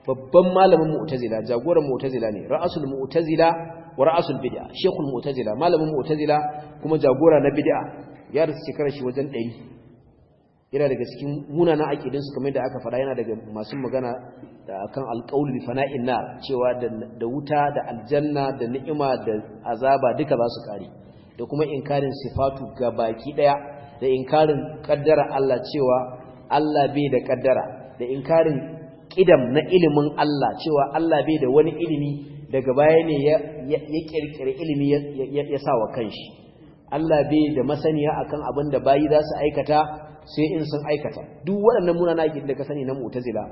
babban malamin Mu'tazila jagoran Mu'tazila ne ra'asul Mu'tazila wa ra'asul bid'a shekul Mu'tazila malamin Mu'tazila kuma jagora na bid'a ya rasu shekarar shi wajen 100 yana daga cikin munanan su kamar da aka faɗa yana daga masu magana da kan alƙawul fana'in na cewa da wuta da aljanna da ni'ima da azaba duka za su kare, da kuma inkarin sifatu ga baki ɗaya da inkarin kaddara Allah cewa Allah bai da kaddara da inkarin kidam na ilimin Allah cewa Allah bai da wani ilimi daga baya ne ya kirkire ilimi ya sa wa kanshi Allah bai da masaniya akan abin da bayi za su aikata sai in sun aikata duk waɗannan munana gida ka sani na mu'tazila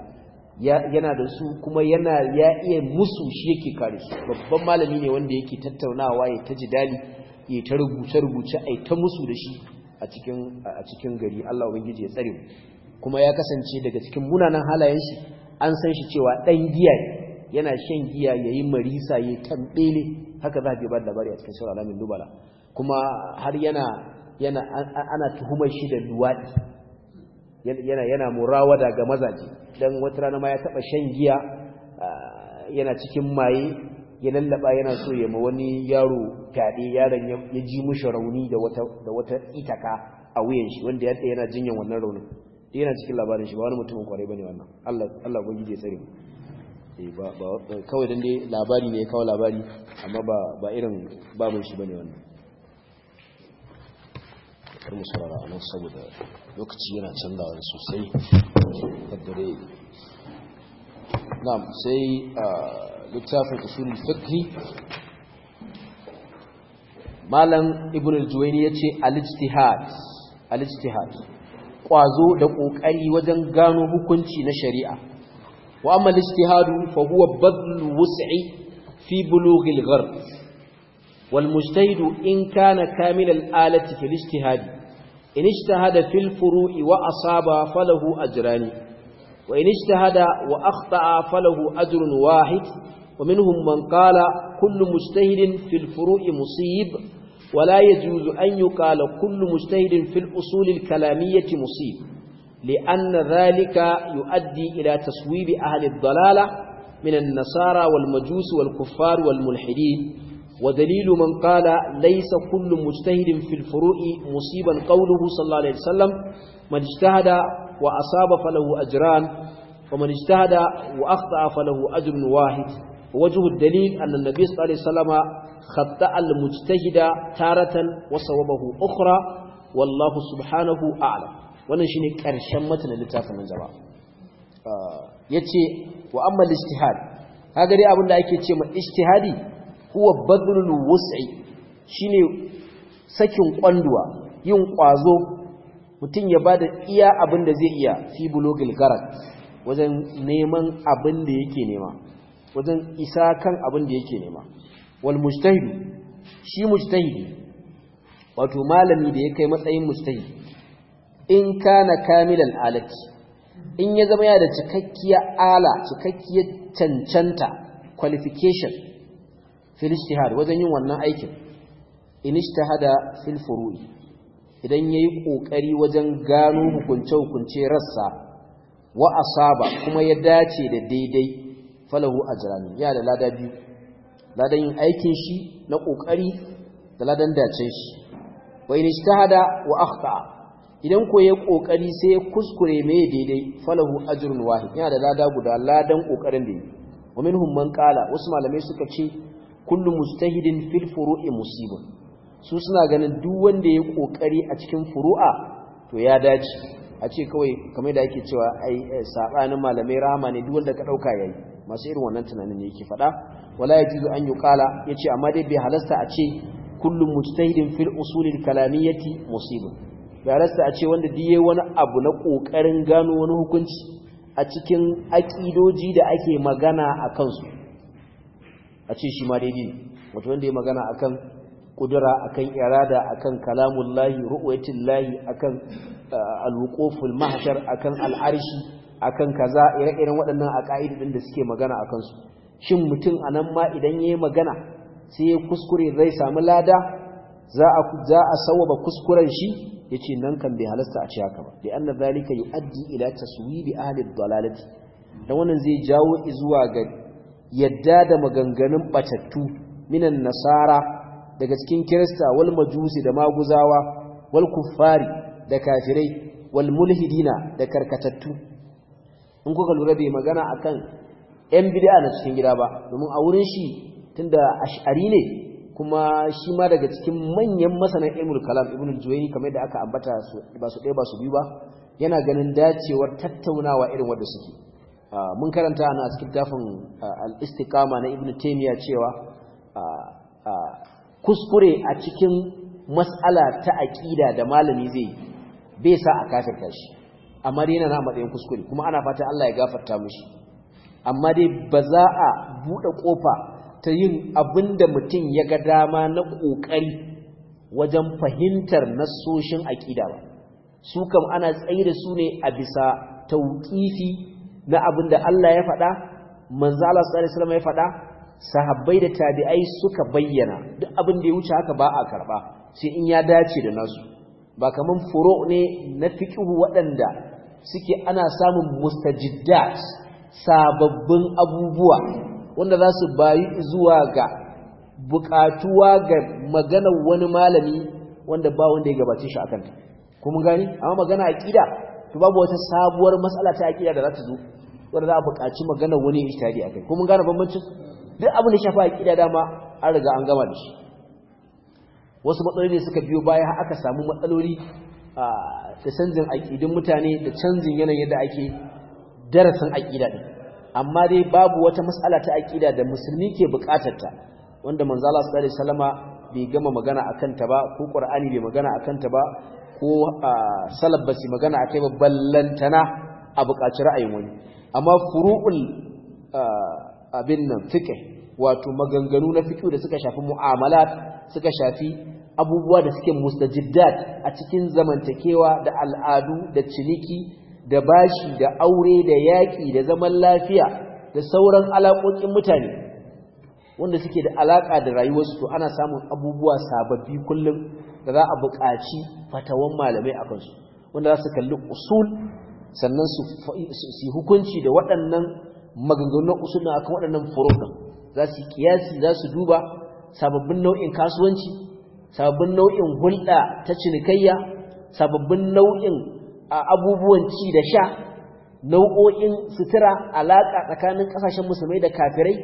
yana da su kuma yana ya iya musu shi yake kare su babban malami ne wanda yake tattaunawa ya ta jidali ya ta rubuce rubuce ai ta musu da shi a cikin gari Allah ubangiji ya tsare mu kuma ya kasance daga cikin munanan halayen shi an san shi cewa ɗan giya yana shan giya yayi marisa yayi tambele haka za ka ba labari a cikin sura alamin dubala kuma har yana yana ana tuhumar shi da luwadi yana yana murawada ga mazaje dan wata rana ma ya taba shan giya yana cikin maye ya lallaba yana so ya ma wani yaro fyaɗe yaron ya ji mushi rauni da wata itaka a wuyan shi wanda ya tsaye yana jinyan wannan raunin yana cikin labarin shi ba wani mutumin kwarai ba ne wannan Allah Allah zai tsare mu eh, kawai don dai labari ne kawai labari amma ba ba irin babin shi ne wannan kar mu saurara a nan saboda lokaci yana canzawa sosai na'am sai ah, littafin usulul fiqh malam ibn al-juwayni yace al-ijtihad al-ijtihad kwazo da kokari wajen gano hukunci na shari'a wa amma al-ijtihad fa huwa badlu wus'i fi bulugh al-gharb wal in kana kamil al-alati fi al-ijtihad in ijtahada fi furui wa asaba falahu ajrani wa in ijtahada wa akhta'a falahu ajrun wahid ومنهم من قال كل مجتهد في الفروع مصيب ولا يجوز أن يقال كل مجتهد في الأصول الكلامية مصيب لأن ذلك يؤدي إلى تصويب أهل الضلالة من النصارى والمجوس والكفار والملحدين ودليل من قال ليس كل مجتهد في الفروع مصيبا قوله صلى الله عليه وسلم من اجتهد وأصاب فله أجران ومن اجتهد وأخطأ فله أجر واحد وجه الدليل أن النبي صلى الله عليه وسلم خطأ المجتهد تارة وصوبه أخرى والله سبحانه أعلم ونشين كرشمتنا لتافة من زمان آه يتي وأما الاجتهاد هذا لي أبن لأيك يتي ما اجتهادي هو بذل الوسع شيني سكن قندوة ينقوازو mutum ya bada iya abin da zai iya fi bulogil garat wajen neman abin da yake nema wajen isa kan abin da yake nema wal mujtahidi shi mujtahidi wato malami da ya kai matsayin mujtahidi in kana kamilan alati in ya zama yana da cikakkiyar ala cikakkiyar cancanta qualification fil ijtihad wajen yin wannan aikin in ijtahada fil furu'i idan yayi kokari wajen gano hukunce hukunce rassa wa asaba kuma ya dace da daidai falahu ajrani ya da lada biyu ladan yin aikin shi na kokari da ladan dace shi wa in ijtahada wa akhta idan ko ya kokari sai ya kuskure mai daidai falahu ajrun wahid ya da lada guda ladan kokarin da yi wa minhum man qala wasu malamai suka ce kullu mustahidin fil furu'i musibun su suna ganin duk wanda yayi kokari a cikin furu'a to ya dace a ce kawai kamar da ake cewa ai eh, sabanin malamai rahama ne duk wanda ka dauka yayi masu irin wannan tunanin ne yake faɗa wala ya jizu an Ya ce amma dai bai halasta a ce kullum mujtahidin fil usulil kalamiyyati musibun bai halasta a ce wanda diye wani abu na kokarin gano wani hukunci a cikin aqidoji da ake magana a kansu a ce shi ma daidai ne wato wanda ya magana akan kudura akan irada akan kalamullahi ru'yatullahi akan eh, alwuquful mahshar akan al'arshi akan kaza ire-iren waɗannan a ƙa'idodin da suke magana a kansu shin mutum a nan ma idan ya yi magana sai ya kuskure zai samu lada za a sawaba kuskuren shi ya ce nan kan bai halasta a ci haka ba da annar zalika yi addi ila taswibi ahalin dalalati dan wannan zai jawo zuwa ga yadda da maganganun batattu minan nasara daga cikin kirista wal majusi da maguzawa wal kuffari da kafirai wal mulhidina da karkatattu in kuka lura bai magana akan yan bid'a na cikin gida ba domin a wurin shi tunda ash'ari ne kuma shi ma daga cikin manyan masanan ilmul kalam ibnu juwayni kamar da aka ambata ba su ɗaya ba su biyu ba yana ganin dacewar tattaunawa irin wanda suke mun karanta a cikin tafin al-istiqama na ibnu taymiya cewa kuskure a cikin mas'ala ta aqida da malami zai bai sa a kafirta shi amma dai yana na matsayin kuskure kuma ana fata Allah ya gafarta mishi amma dai ba za a buɗe ƙofa ta yin abin da mutum ya ga dama na ƙoƙari wajen fahimtar nassoshin aƙida ba su kam ana tsaye da su ne a bisa tauƙifi na abin da Allah ya faɗa manzo Allah sallallahu alaihi ya faɗa sahabbai da tabi'ai suka bayyana duk abin da ya wuce haka ba a karɓa sai in ya dace da nasu ba kaman furo ne na fiqhu waɗanda suke ana samun mustajiddat sababbin abubuwa wanda za su bayi zuwa ga bukatuwa ga magana wani malami wanda ba wanda ya gabace shi akan ta kuma gani amma magana aqida to babu wata sabuwar matsala ta aqida da za ta zo wanda za a bukaci magana wani ijtihadi akai kuma gane bambancin duk abin da shafa aqida dama an riga an gama da shi wasu matsaloli ne suka biyo baya aka samu matsaloli da canjin aƙidun mutane da canjin yanayin yadda ake darasin aƙida ɗin amma dai babu wata matsala ta aƙida da musulmi ke buƙatarta wanda manzala su ɗari salama bai gama magana a kanta ba ko ƙur'ani bai magana a kanta ba ko salabbasi magana a kai ba ballantana a buƙaci ra'ayin wani amma furu'ul abin nan fiƙe wato maganganu na fiƙo da suka shafi mu'amala, suka shafi abubuwa da suke mustajiddat a cikin zamantakewa da al'adu da ciniki da bashi da aure da yaƙi da zaman lafiya da sauran alaƙoƙin mutane wanda suke da alaƙa da rayuwarsu to ana samun abubuwa sababbi kullum da za a buƙaci fatawan malamai a kansu wanda za su kalli usul sannan su yi hukunci da waɗannan maganganun usul na akan waɗannan furuɗin za su yi kiyasi za su duba sababbin nau'in kasuwanci sababbin nau'in hulɗa ta cinikayya sababbin nau'in abubuwan ci da sha nau'o'in sutura alaƙa tsakanin ƙasashen musulmai da kafirai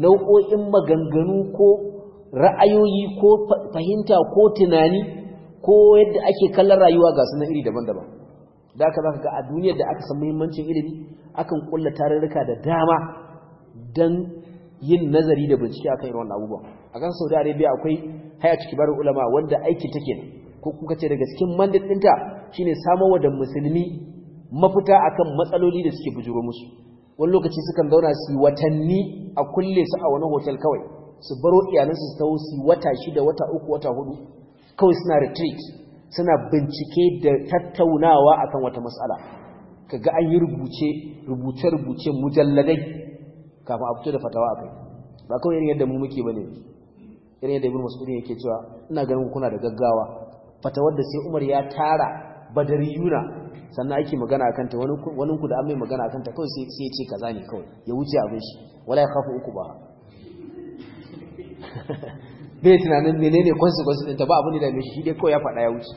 nau'o'in maganganu ko ra'ayoyi ko fahimta ko tunani ko yadda ake kallon rayuwa ga suna iri daban-daban da aka za ga a duniyar da aka san muhimmancin ilimi akan kulla tarurruka da dama don yin nazari da bincike akan irin wannan abubuwan a kan Saudi Arabia akwai haya ciki kibarul ulama wanda aiki take ne ko kuka ce daga cikin mandate ɗinta shine wa da musulmi mafita akan matsaloli da suke bujuro musu wani lokaci sukan zauna su watanni a kulle su a wani hotel kawai su baro iyalansu su tawo su wata shida wata uku wata hudu kawai suna retreat suna bincike da tattaunawa akan wata matsala kaga an yi rubuce rubuce rubuce mujalladai kafin a fito da fatawa a kai ba kawai irin yadda mu muke bane irin yadda ibn mas'ud yake cewa ina ganin kuna da gaggawa fatawar da sai Umar ya tara badariyuna sannan ake magana akan ta wani wani ku da an mai magana akan ta kawai sai ya ce kaza ne kawai ya wuce abin shi wala yakhafu uku ba bai tunanin menene consequence din ta ba abin da mai shi dai kawai ya faɗa ya wuce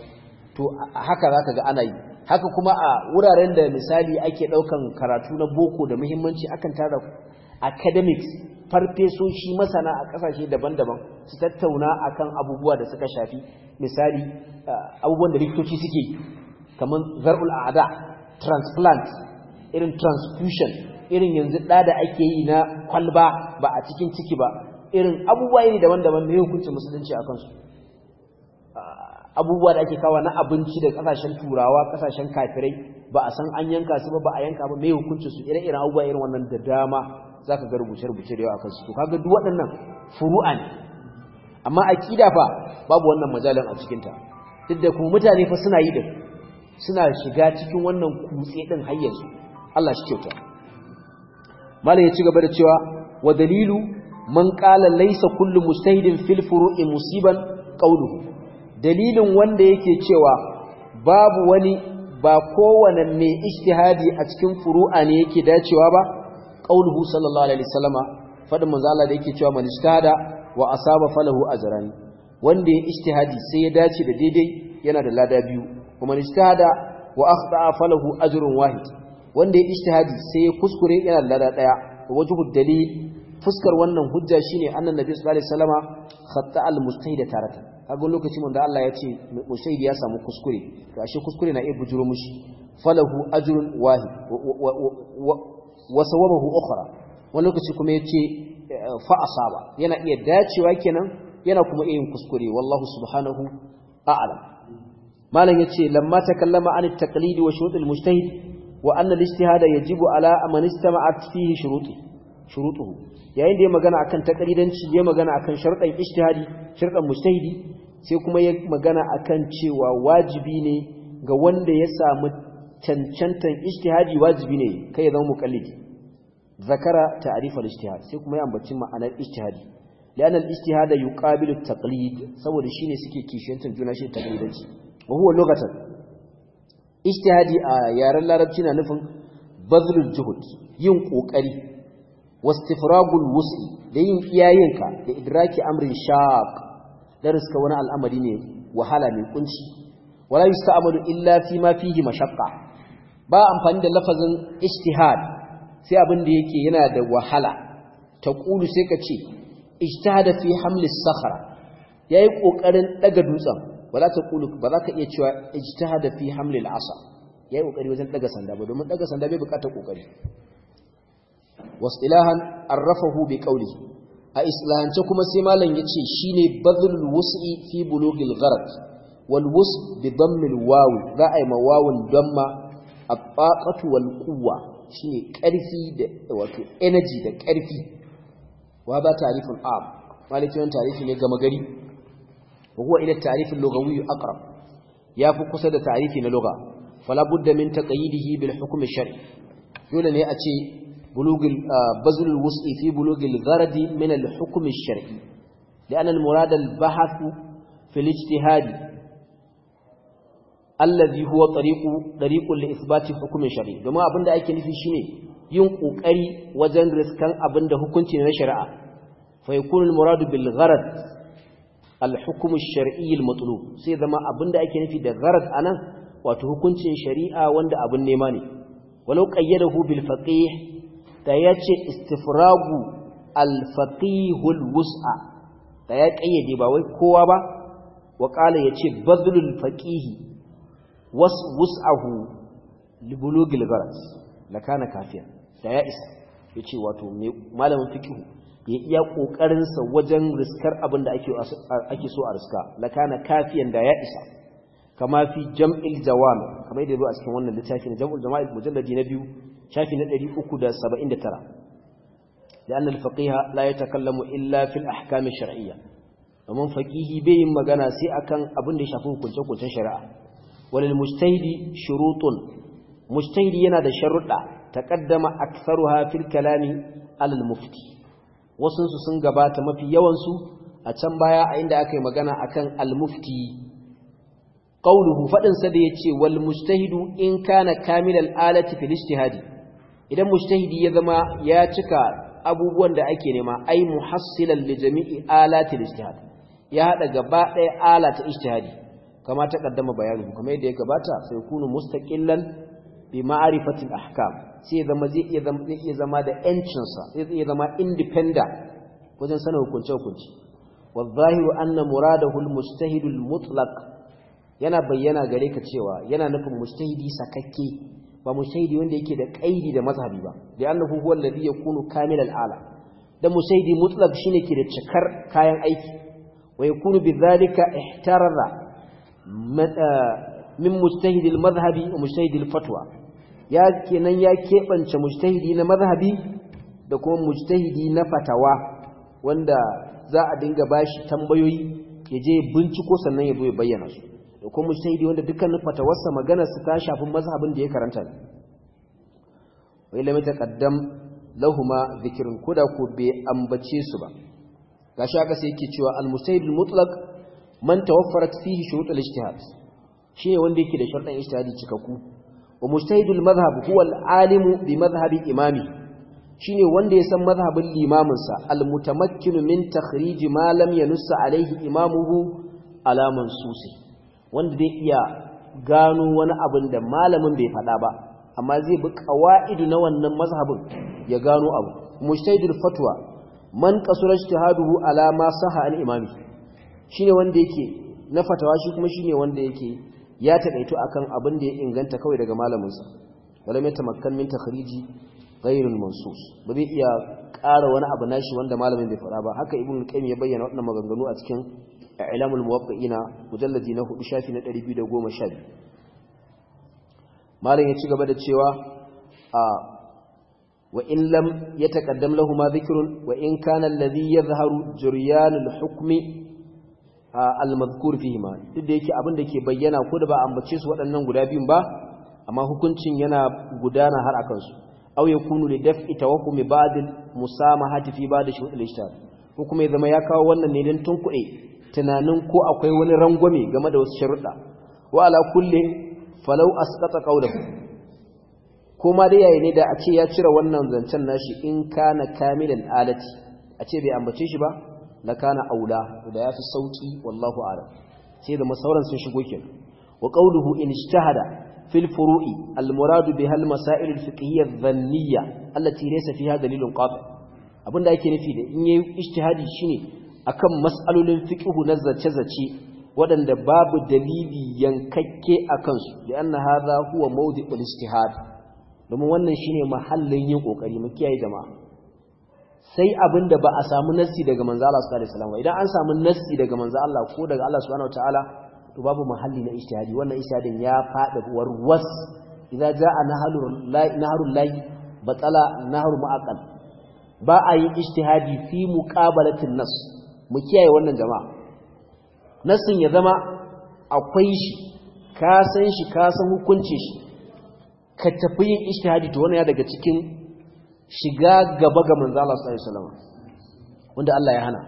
to haka zaka ga ana yi haka kuma a wuraren da misali ake ɗaukan karatu na boko da muhimmanci akan tara academics farfesoshi masana a kasashe daban-daban su tattauna akan abubuwa da suka shafi misali eh, abubuwan da likitoci suke kamar zar'ul a'da transplant irin transfusion irin yanzu da da ake yi na kwalba ba a cikin ciki ba irin abubuwa ne daban-daban mai hukuncin musulunci a kansu eh, abubuwa da ake kawo na abinci da kasashen turawa kasashen kafirai ba a san an yanka su ba ba a yanka ba mai hukuncin su ire-iren abubuwa irin wannan da dama za ka ga rubuce-rubuce da yawa kan su to kaga duk waɗannan furu'a ne amma aƙida fa babu wannan majalan a cikinta duk da kuma mutane fa suna yi da suna shiga cikin wannan kutse ɗin har yanzu Allah shi kyauta malam ya ci gaba da cewa wa dalilu man qala laysa kullu mustahidin fil furu'i musiban qawluhu dalilin wanda yake cewa babu wani ba kowane mai ijtihadi a cikin furu'a ne yake dacewa ba qauluhu sallallahu alaihi wasallama fadin manzala da yake cewa man istada wa asaba falahu ajran wanda ya ijtihadi sai ya dace da daidai yana da lada biyu kuma istada wa akhta falahu ajrun wahid wanda ya ijtihadi sai ya kuskure yana da lada daya wajhu dalil fuskar wannan hujja shine annan nabi sallallahu alaihi wasallama khata al mustahid tarata kaga lokacin da Allah ya ce mustahid ya samu kuskure to ashe kuskure na iya bujuro mushi falahu ajrun wahid wasawabahu sawabahu ukhra wani lokaci kuma yace fa asaba yana iya dacewa kenan yana kuma iya yin kuskure wallahu subhanahu a'lam malam yace lamma takallama an at-taqlid wa shurut al-mujtahid wa anna al-ijtihada yajibu ala man istama'at fihi shuruti shurutuhu yayin da ya magana akan taqlidanci ya magana akan shartan ijtihadi shartan mujtahidi sai kuma ya magana akan cewa wajibi ne ga wanda ya samu cancantan ijtihadi wajibi ne kai ya zama muqallidi zakara ta'rif al-ijtihad sai kuma ya ambaci ma'anar ijtihadi لأن الاجتهاد يقابل التقليد saboda shine suke kishiyancin juna shi taqlidanci wa huwa lughatan ijtihadi a yaren larabci na nufin bazlul juhud yin kokari wastifragul wus'i da yin iyayenka da idraki amrin shaq da riska wani al'amari ne wahala mai kunci wala yusta'malu illa fi ma fihi mashaqqa ba amfani da lafazin ijtihad sai abin da yake yana da wahala Ta Kulu sai ka ce ijtihada fi hamli sakhra yayi kokarin daga dutsen ba za ta kulu ba za ka iya cewa ijtihada fi hamli al-asa yayi kokari wajen daga sanda ba domin daga sanda bai bukata kokari wasilahan arrafahu bi qawli a islahance kuma sai malam yace shine badlul wus'i fi bulughil gharq wal wus' bi dammil waw za a yi mawawun damma abbaqatu wal quwwa shine karfi da wato energy da karfi wa ba ta'riful am maliki wannan ta'rifi ne gama gari wa huwa ila ta'rifil lughawi aqrab yafi kusa da ta'rifi na lugha fala budda min taqyidihi bil hukm ash-shar'i dole ne a ce bulugul bazlul wus'i fi bulugil gharadi min al hukm ash-shar'i al bahth fi al ijtihadi allazi huwa tariqu tariqul li isbati hukumin shari'i domin abinda ake nufi shine yin kokari wajen riskan abinda hukunci ne na shari'a fa yakunu al-muradu bil gharad al-hukm shari al-matlub sai zama abinda ake nufi da gharad anan wato hukuncin shari'a wanda abin nema ne walau qayyadahu bil faqih da yace istifragu al-faqih al-wus'a da ya kayyade ba wai kowa ba wa qala yace bazlul faqihi was'ahu libulugil gharaz lakana kafiyan da ya isa ya ce wato malamin fikihu ya iya ƙoƙarinsa wajen riskar abin da ake so a riska lakana kafiyar da ya isa kama fi jam'il jawami kamar yadda zo a cikin wannan littafi na jam'ul jama'il mujalladi na biyu shafi na 379 لأن الفقيه لا يتكلم إلا في الأحكام الشرعية ومن magana sai akan abin da ya shafi كنت كنت shari'a. walil mujtahidi shurutun mujtahidi yana da sharuɗa taqaddama aktharuha fil kalami alal mufti sun gabata mafi yawan su a can baya a inda aka yi magana akan al mufti qawluhu faɗinsa da ya ce, mujtahidu in kana kamilal alati fil idan mujtahidi ya zama ya cika abubuwan da ake nema ai muhassilan li jami'i alati ijtihad ya hada gaba ɗaya ala ta ijtihadi kama ta kaddama bayanu kuma yadda ya gabata sai kunu mustaqillan bi ma'rifatil ahkam sai zama zai iya zama zai iya zama da yancin sa zai zama independent wajen sanin hukunci hukunci wadhahiru anna muradahu almustahid almutlaq yana bayyana gare ka cewa yana nufin mustahidi sakakke ba mustahidi wanda yake da kaidi da mazhabi ba da annahu huwa alladhi yakunu kamilal ala da mushahidi mutlaq shine ke da cikar kayan aiki wa yakunu bidhalika ihtaraza min mujtahidil madhhabi wa mujtahidil fatwa ya kenan ya keɓance mujtahidi na madhhabi da kuma mujtahidi na fatawa wanda za a dinga bashi tambayoyi ya je binciko sannan ya zo ya bayyana su da kuma mujtahidi wanda dukkanin fatawarsa magana su ta shafi mazhabin da ya karanta ne Wai ilmi taqaddam lahuma dhikrun kuda ko bai ambace su ba gashi aka sai yake cewa al-mujtahid mutlaq man tawaffarat fihi al ijtihad shine wanda yake da shartan ijtihadi cikakku wa mujtahidul madhhab huwa al alim bi madhhabi imami shine wanda ya san madhhabin limamin sa al mutamakkin min takhrij ma lam yanussa alayhi imamuhu ala mansusi wanda zai iya gano wani abin da malamin bai faɗa ba amma zai bi qawaidu na wannan mazhabin ya gano abu mujtahidul fatwa man qasura ijtihaduhu ala ma saha al-imami shine wanda yake na fatawa shi kuma shine wanda yake ya taƙaito akan abin da ya inganta kawai daga malaminsa malam ta tamakkan min takhriji ghairul mansus ba zai iya ƙara wani abu nashi wanda malamin bai faɗa ba haka ibn qayyim ya bayyana waɗannan maganganu a cikin i'lamul muwaqqi'ina mujalladi na 4 shafi na 212 malam ya ci gaba da cewa a wa in lam yataqaddam lahu ma dhikrun wa in kana alladhi yadhharu juryanul hukmi al-mazkur ma duk da yake abin da ke bayyana ko da ba ambace su waɗannan guda biyun ba amma hukuncin yana gudana har akan su aw yakunu li daf'i tawakkumi ba'd al-musamahati fi ba'd shuruط al ko kuma ya zama ya kawo wannan ne don tunkuɗe tunanin ko akwai wani rangwame game da wasu sharuɗa wa ala kulli falau asqata qawluhu ko ma dai yayi ne da a ce ya cire wannan zancen nashi in kana kamilan alati a ce bai ambace shi ba kana aula da fi sauki wallahu a'lam sai da masauran sun shigo kenan wa qawluhu in almuradu fil furu'i al murad biha al masail al fiqhiyya dhanniya allati laysa fiha dalilun qati abinda ake nufi da in yayi ijtihadi shine akan mas'alolin fiqhu na zace-zace waɗanda babu dalili yankakke a kansu da anna hadha huwa mawdi'ul ijtihad domin wannan shine mahallin yin kokari mu kiyaye jama'a sai abin da ba a samu nassi daga manzo Allah sallallahu alaihi wasallam idan an samu nassi daga manzo Allah ko daga Allah subhanahu wataala to babu mahalli na ijtihadi wannan ijtihadin ya fada warwas idan jaa nahrul lahi nahrul lahi batala nahrul muaqqal ba a yi ijtihadi fi muqabalatin nas mu kiyaye wannan jama'a nassin ya zama akwai shi ka san shi ka san hukuncin shi ka tafi yin ijtihadi to wannan ya daga cikin shiga gaba ga manzo Allah sallallahu alaihi wasallam wanda Allah ya hana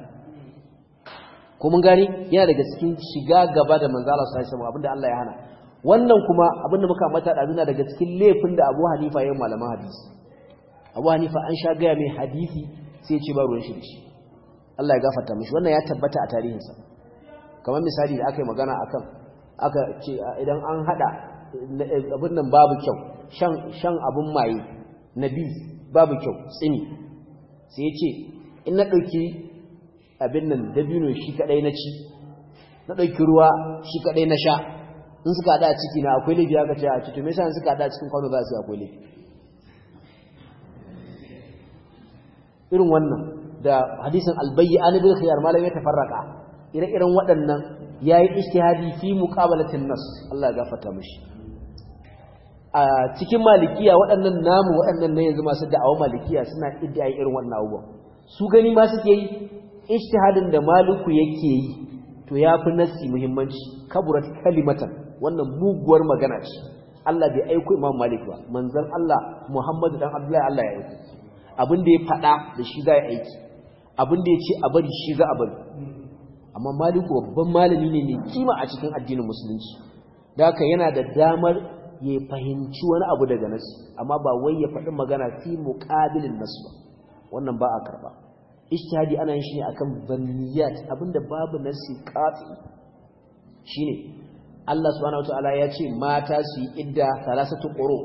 ko mun gani yana daga cikin shiga gaba da manzo Allah sallallahu alaihi wasallam abinda Allah ya hana wannan kuma abinda muka mata da daga cikin laifin da Abu Hanifa yayin malaman hadisi Abu Hanifa an sha gaya mai hadisi sai ya ce ba ruwan shi dashi Allah ya gafarta mishi wannan ya tabbata a tarihinsa kamar misali da aka yi magana akan aka ce idan an hada abin nan babu kyau shan shan abun maye nabi babu kyau tsini sai ya ce in na ɗauki abin nan dabino shi kaɗai na ci na ɗauki ruwa shi kaɗai na sha in suka haɗa a ciki na akwai laifi aka ce a ciki me yasa in suka haɗa a cikin kwano za su akwai laifi irin wannan da hadisin albayyi an bil khiyar malam ya tafarraka ire-iren waɗannan yayi ijtihadi fi muqabalatin nas Allah ya gafarta mishi a cikin malikiya waɗannan namu waɗannan na yanzu masu da'awa malikiya suna iddia irin wannan abubuwan su gani ma suke yi ijtihadin da maluku yake yi to ya fi nassi muhimmanci kaburat kalimatan wannan muguwar magana ce Allah bai aiko Imam Malik ba manzon Allah Muhammadu dan Abdullahi Allah ya aiko abin da ya faɗa da shi za ya aiki abin da ya ce a bari shi za a bari amma Maliku babban malami ne mai kima a cikin addinin musulunci da haka yana da damar ya fahimci wani abu daga nasu amma ba wai ya faɗi magana fi muƙabilin nasu ba wannan ba a karba ishtihadi ana yin shi ne akan zanniyat abinda babu nasi Shi shine Allah subhanahu wataala ya ce mata su yi idda salasatu quru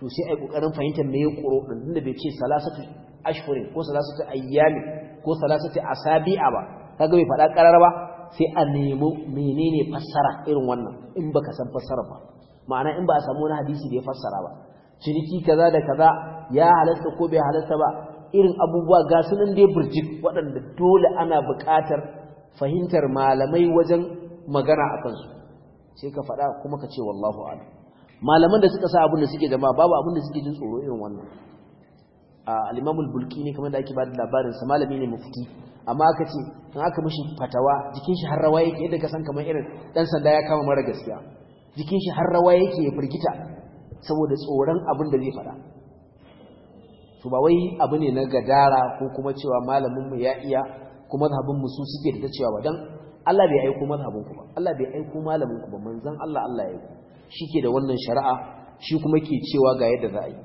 to sai ai kokarin fahimtar me quru din tunda bai ce salasatu ashhurin ko salasatu ayyami ko salasatu asabi'a ba ta bai faɗa karar ba sai a nemi menene fassara irin wannan in baka san fassara ba ma'ana in ba a samu wani hadisi da ya fassara ba ciniki kaza da kaza ya halasta ko bai halasta ba irin abubuwa ga su nan dai burjik waɗanda dole ana buƙatar fahimtar malamai wajen magana a kansu sai ka faɗa kuma ka ce wallahu a'lam malaman da suka sa abin da suke jama'a babu abin da suke jin tsoro irin wannan a al'imamul bulki ne kamar da ake ba da labarin sa malami ne mufti amma aka ce in aka mishi fatawa jikin shi har rawa yake yadda ka san kamar irin ɗan sanda ya kama mara gaskiya jikin shi har rawa yake ya firgita saboda tsoron abin da zai faɗa to ba wai abu ne na gadara ko kuma cewa malamin mu ya iya kuma mazhabin mu su suke da cewa ba dan Allah bai aiko mazhabin ku ba Allah bai aiko malamin ku ba manzon Allah Allah ya Shi shike da wannan shari'a shi kuma ke cewa ga yadda za a yi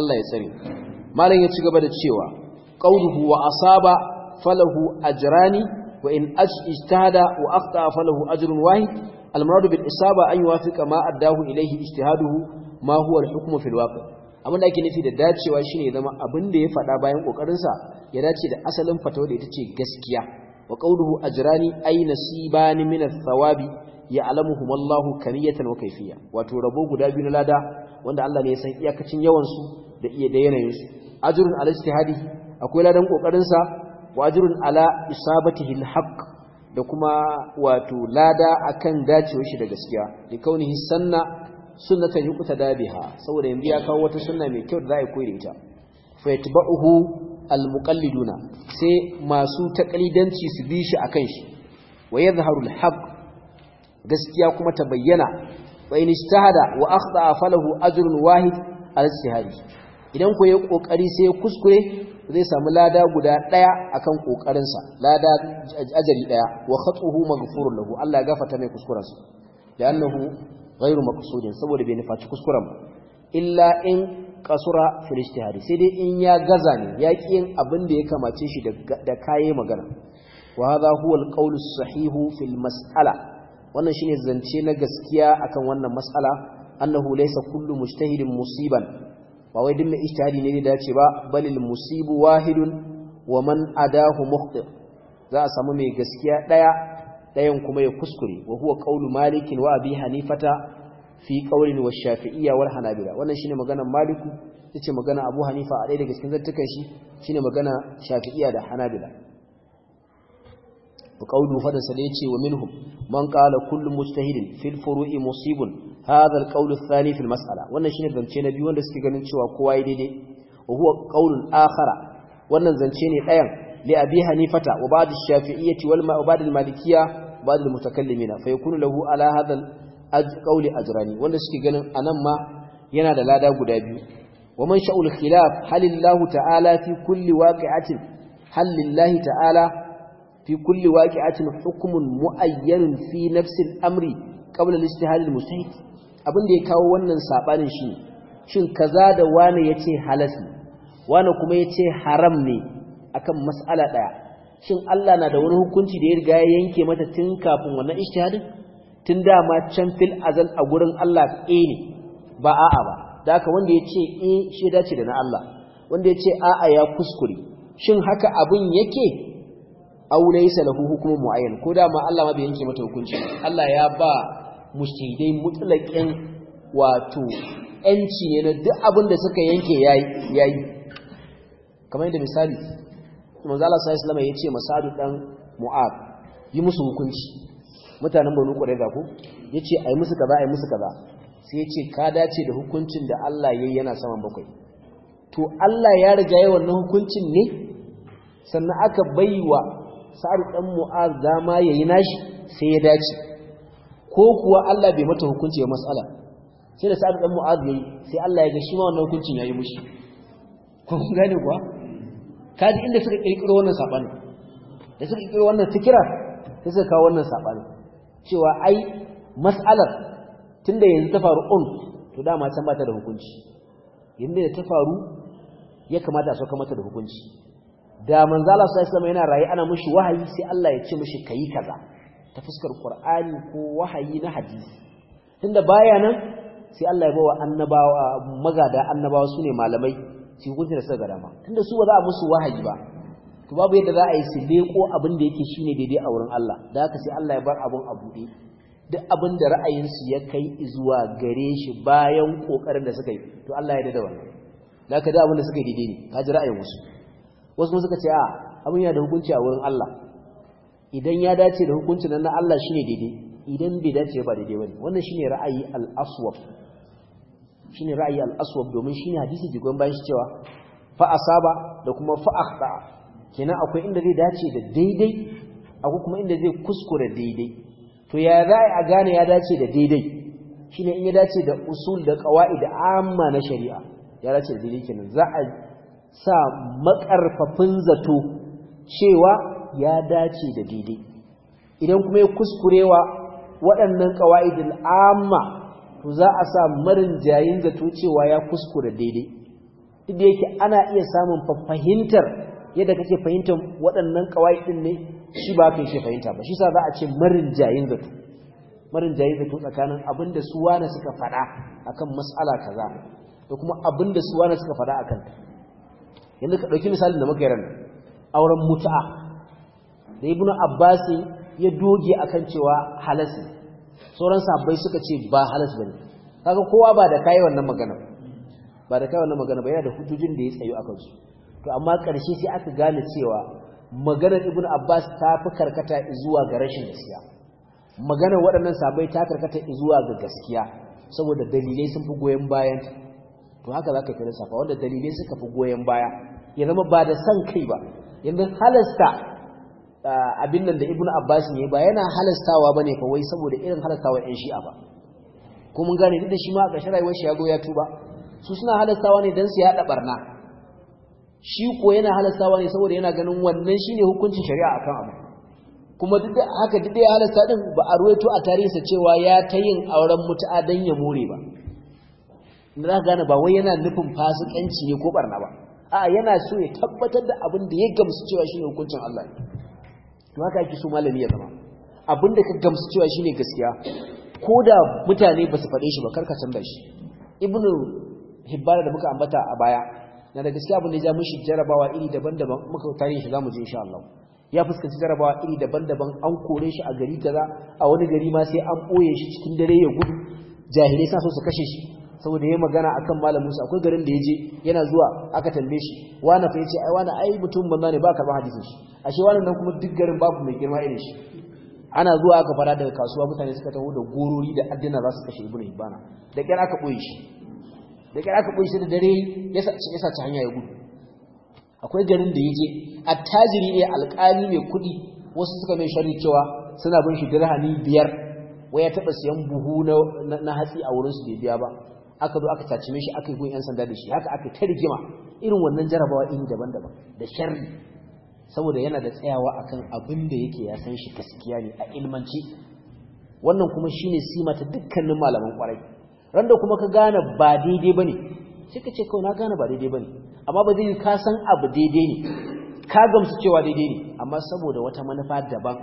Allah ya tsare malam ya ci gaba da cewa qawluhu wa asaba falahu ajrani wa in ajtahada wa akhta falahu ajrun wahid المراد bil isaba an ما أداه إليه اجتهاده ijtihaduhu هو الحكم في الواقع abin da ake nufi da dacewa shine zama abin da ya faɗa bayan kokarin sa ya dace da asalin fatawa da ita ce gaskiya wa qawluhu ajrani ay nasibani min ath-thawabi ya'lamuhum Allahu kariyatan wa kayfiyya wato rabo guda biyu na lada wanda Allah ne ya san iyakacin yawan su da iya da yanayin su ajrun ala ijtihadihi akwai ladan kokarin sa wa ajrun ala isabatihi al-haqq da kuma wato lada akan dacewa shi da gaskiya Da kaunihi sanna sunnatan yuqta dabiha saboda yanzu ya kawo wata sunna mai kyau da za a koyi da ita fa almuqalliduna sai masu taqlidanci su bi shi akan shi wa yadhharu alhaq gaskiya kuma ta bayyana wa in ijtahada wa akhta falahu ajrun wahid al-istihari idan ko ya kokari sai kuskure zai samu lada guda daya akan sa lada ajali daya wa khatuhu maghfurun lahu Allah ya gafarta mai kuskurensa da annahu ghairu maqsudin saboda bai nufaci kuskuren ba illa in kasura fil hari sai dai in ya gaza ne ya ƙi yin abin da ya kamace shi da kaye magana wa hadha huwa al sahihu fil mas'ala wannan shine zance na gaskiya akan wannan mas'ala annahu laysa kullu mujtahidin musiban ba wai dinna mai ijtihadi ne da dace ba balil musibu wahidun wa man adahu mukhti za a samu mai gaskiya daya dayan kuma ya kuskure wa huwa qaulu malikin wa abi hanifata fi qawlin wa shafi'iyya wal hanabila wannan shine maganar maliku yace magana abu hanifa a daya da cikin zattukan shi shine magana shafi'iyya da hanabila wa qawlu fadan da yace wa minhum man qala kullu mujtahidin fil furu'i musibun هذا القول الثاني في المسألة وانا شين زنشي نبي وانا سكيغنين شوى كواي ديدي وهو قول آخر وانا زنشيني الأيام لأبي هنيفة وبعد الشافعية وبعد المالكية وبعد المتكلمين فيكون له على هذا القول أجراني وانا سكيغنين أنما ينادى لا دا قدابي ومن شاء الخلاف هل الله تعالى في كل واقعة هل لله تعالى في كل واقعة حكم مؤين في نفس الأمر قبل الاجتهاد المستحيل abin da ya kawo wannan saɓanin shi shin kaza da wani yace halas ne wani kuma ya ce haram ne akan mas'ala ɗaya, shin Allah na da wani hukunci da ya riga ya yanke mata tun kafin wannan ijtihadin tun dama can fil azal a gurin Allah eh ne ba a'a ba da haka wanda ya ce eh shi dace da na Allah wanda ya ce a'a ya kuskure shin haka abin yake aulaysa lahu hukmun muayyan ko dama Allah ma bai yanke mata hukunci Allah ya ba mushidai mutlaƙin wato ‘yanci ne na duk abin da suka yanke ya yi kamar yadda misali manzala sa islama ya ce masadu ɗan mu'ab yi musu hukunci mutanen banu ƙwarai ga ku ya ce ai musu kaza ai musu kaza sai ya ce ka dace da hukuncin da allah ya yi yana saman bakwai to allah ya riga yi wannan hukuncin ne sannan aka baiwa sa'ad ɗan mu'az dama ya yi nashi sai ya dace ko kuwa Allah bai mata hukunci ya matsala sai da sa'ad dan mu'az yayi sai Allah ya ga shi ma wannan hukuncin yayi mushi ko kun gane kuwa kaji inda suka kirkiro wannan sabani da suka kirkiro wannan fikira sai suka kawo wannan sabani cewa ai mas'alar tunda yanzu ta faru on to dama can ba ta da hukunci yanda ta faru ya kamata a sauka mata da hukunci da Manzala Allah sallallahu alaihi wasallam yana rayi ana mushi wahayi sai Allah ya ce mushi yi kaza ta fuskar qur'ani ko wahayi na hadisi tunda baya nan sai Allah ya bawa annabawa magada annabawa sune malamai su hukunci da suka ga dama tunda su ba za a musu wahayi ba to babu yadda za a yi su leko abin da yake shine daidai a wurin Allah da haka sai Allah ya bar abun a buɗe duk abin da ra'ayinsu ya kai zuwa gare shi bayan kokarin da suka yi to Allah ya dada wannan da haka da abin da suka yi daidai ne ka ji ra'ayin wasu wasu suka ce a abin yana da hukunci a wurin Allah idan ya dace da hukuncin nan na Allah ne daidai idan bai dace ba daidai ne, wannan shi ne ra'ayi al-aswab ne ra'ayi al-aswab domin ne hadisi jigon bayan shi cewa fa'a saba da kuma fa'a akhta kenan akwai inda zai dace da daidai akwai kuma inda zai kuskure daidai to ya za a gane ya dace da daidai ne in ya dace da usul da da amma na shari'a ya dace da daidai kenan za a sa makarfafin zato cewa ya dace da daidai idan kuma ya kuskurewa waɗannan ƙawa'idin amma to za a sa marin jayin zato cewa ya kuskure daidai duk yake ana iya samun fahimtar yadda kake fahimtar waɗannan ƙawa'idin ne shi ba ka shi fahimta ba shi sa za a ce marin jayin zato marin jayin zato tsakanin abin da su wane suka faɗa akan mas'ala kaza da kuma abin da su wane suka faɗa akan yanzu ka ɗauki misalin da muka yi auren mutu'a da ibn abbas ya doge akan cewa halas ne sauran sahabbai suka ce ba halas bane kaga kowa ba da kai wannan magana ba da kai wannan magana ba yana da hujujin da ya tsayo akan su to amma karshe sai aka gane cewa maganar ibn abbas ta fi karkata zuwa ga rashin gaskiya maganar waɗannan sahabbai ta karkata zuwa ga gaskiya saboda dalilai sun fi goyen bayan to haka zaka fi safa wanda dalilai suka fi goyen baya ya zama ba da san kai ba yanzu halasta abin nan da ibn abbas ne ba yana halastawa ba ne kawai saboda irin halastawa yan shi'a ba ko mun gane duk da shi ma a ƙarshen rayuwar shi ya goya tuba su suna halastawa ne don su yaɗa barna shi ko yana halastawa ne saboda yana ganin wannan shine hukuncin shari'a akan abu kuma duk da haka duk da ya halasta din ba a ruwaito a tarihinsa cewa ya ta yin auren mutu'a dan ya more ba in za ka gane ba wai yana nufin fasikanci ne ko barna ba a yana so ya tabbatar da abin da ya gamsu cewa shine hukuncin Allah ne to haka ake so malami ya zama da ka gamsu cewa shine gaskiya ko da mutane ba su faɗe shi ba karka canza shi ibnu hibbara da muka ambata a baya na da gaskiya abin da ya mishi jarabawa iri daban-daban muka tare shi zamu je insha Allah ya fuskanci jarabawa iri daban-daban an kore shi a gari kaza a wani gari ma sai an boye shi cikin dare ya gudu jahilai sa so su kashe shi saboda yayi magana akan malamin sa akwai garin da yaje yana zuwa aka tambaye shi wani fa yace ai wani ai mutum banza ne ba ka ba hadisin shi ashe wannan nan kuma duk garin babu mai girma irin shi ana zuwa aka fara daga kasuwa mutane suka taho da gorori da addina za su kashe ibnu hibana da kyar aka ɓoye shi da kyar aka ɓoye shi da dare ya sa ta hanya ya gudu akwai garin da ya a attajiri ne alƙali mai kuɗi wasu suka mai sharri cewa suna bin shi dirhami biyar waya taɓa siyan buhu na hatsi a wurin su bai biya ba aka zo aka cacime shi aka yi gun yan sanda da shi haka aka ta rigima irin wannan jarabawa in daban-daban da sharri saboda yana da tsayawa akan abin da yake ya san shi gaskiya ne a ilmanci wannan kuma shine sima ta dukkanin malaman kwarai randa kuma ka gane ba daidai bane sai ka ce kawai na gane ba daidai bane amma ba zai ka san abu daidai ne ka gamsu cewa daidai ne amma saboda wata manufa daban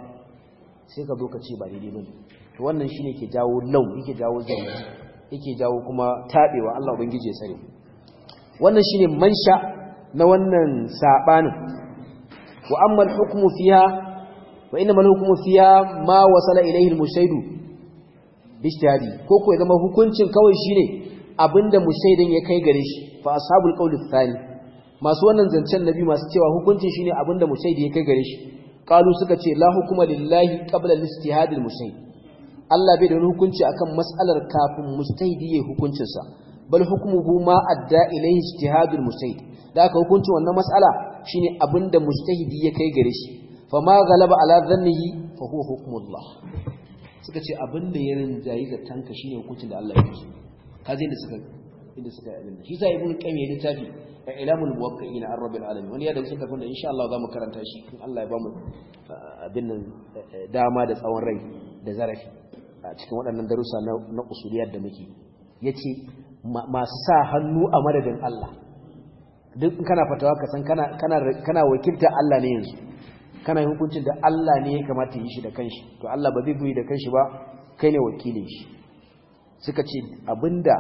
sai ka zo ka ce ba daidai bane to wannan shine ke jawo lau yake jawo zai yake jawo kuma tabewa Allah ubangiji ya sani wannan shine mansha na wannan sabanin wa amma al-hukmu fiha wa inma al-hukmu fiha ma wasala ilayhi al-mushayd bishtihadi ko ko ya zama hukuncin kawai shine abinda mushaydin ya kai gare shi fa ashabul qawli thani masu wannan zancen nabi masu cewa hukuncin shine abinda mushaydin ya kai gare shi qalu suka ce la hukuma lillahi kabla al-istihad Allah bai da wani hukunci akan mas'alar kafin mustahidi ya hukuncinsa bal hukmuhu ma adda ilayhi ijtihadul musaid da aka hukunci wannan mas'ala shine abinda mujtahidi ya kai gare shi fa ma galaba ala dhannihi fa huwa hukmullah suka ce abinda ya rinjayi da tanka shine hukuncin da Allah ya yi kaje da suka inda suka yi abinda shi sa ibnu qayyim ya littafi ilamul muwaqqi'in an rabbil alamin wani ya da suka fanda insha Allah za mu karanta shi in Allah ya bamu eh, abin nan eh, dama da tsawon rai da zarafi a cikin waɗannan darussa na usuliyar da muke yace masu sa hannu a madadin Allah duk kana fatawa ka san kana wakilta Allah ne yanzu kana yin hukuncin da Allah ne ya kamata yi shi da kanshi to Allah ba zai buyi da kanshi ba kai ne wakilin shi suka ce abinda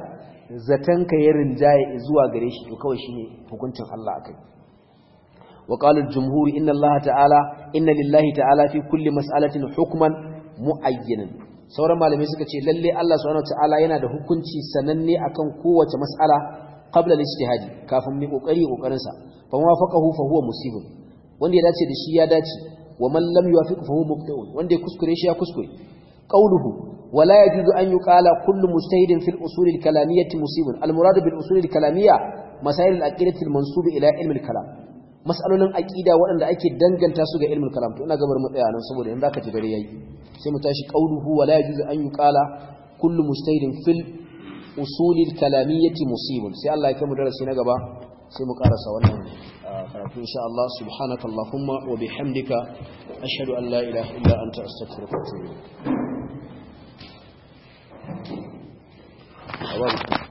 zaton ka ya rinjaye zuwa gare shi to kawai shine hukuncin Allah akai wa qala al-jumhur inna Allah ta'ala inna lillahi ta'ala fi kulli mas'alatin hukman mu'ayyanan sauran malamai suka ce lalle Allah subhanahu wa ta'ala yana da hukunci sananne akan kowace mas'ala qabla al-ijtihadi kafin mai kokari kokarin sa fa wafaqahu fa huwa musibun wanda ya dace da shi ya dace wa man lam yuwafiq fa huwa mubtadi'un wanda ya kuskure shi ya kuskure qawluhu wa la yajuzu an yuqala kullu mujtahidin fil usul al-kalamiyyah musibun al-murad bil usul al-kalamiyyah masail al-aqidah al-mansub ila ilm al-kalam mas'alolin aqida waɗanda ake danganta su ga ilmul kalam to ina gabar mu tsaya nan saboda yanzu zaka ci gare yayi sai mu tashi qawluhu wa la yajuzu an yuqala kullu mujtahidin fil usulil kalamiyyati musibun sai Allah ya kai mu darasi na gaba sai mu karasa wannan ah, karatu insha Allah subhanaka allahumma wa bihamdika ashhadu an la ilaha illa anta astaghfiruka wa atubu ilaik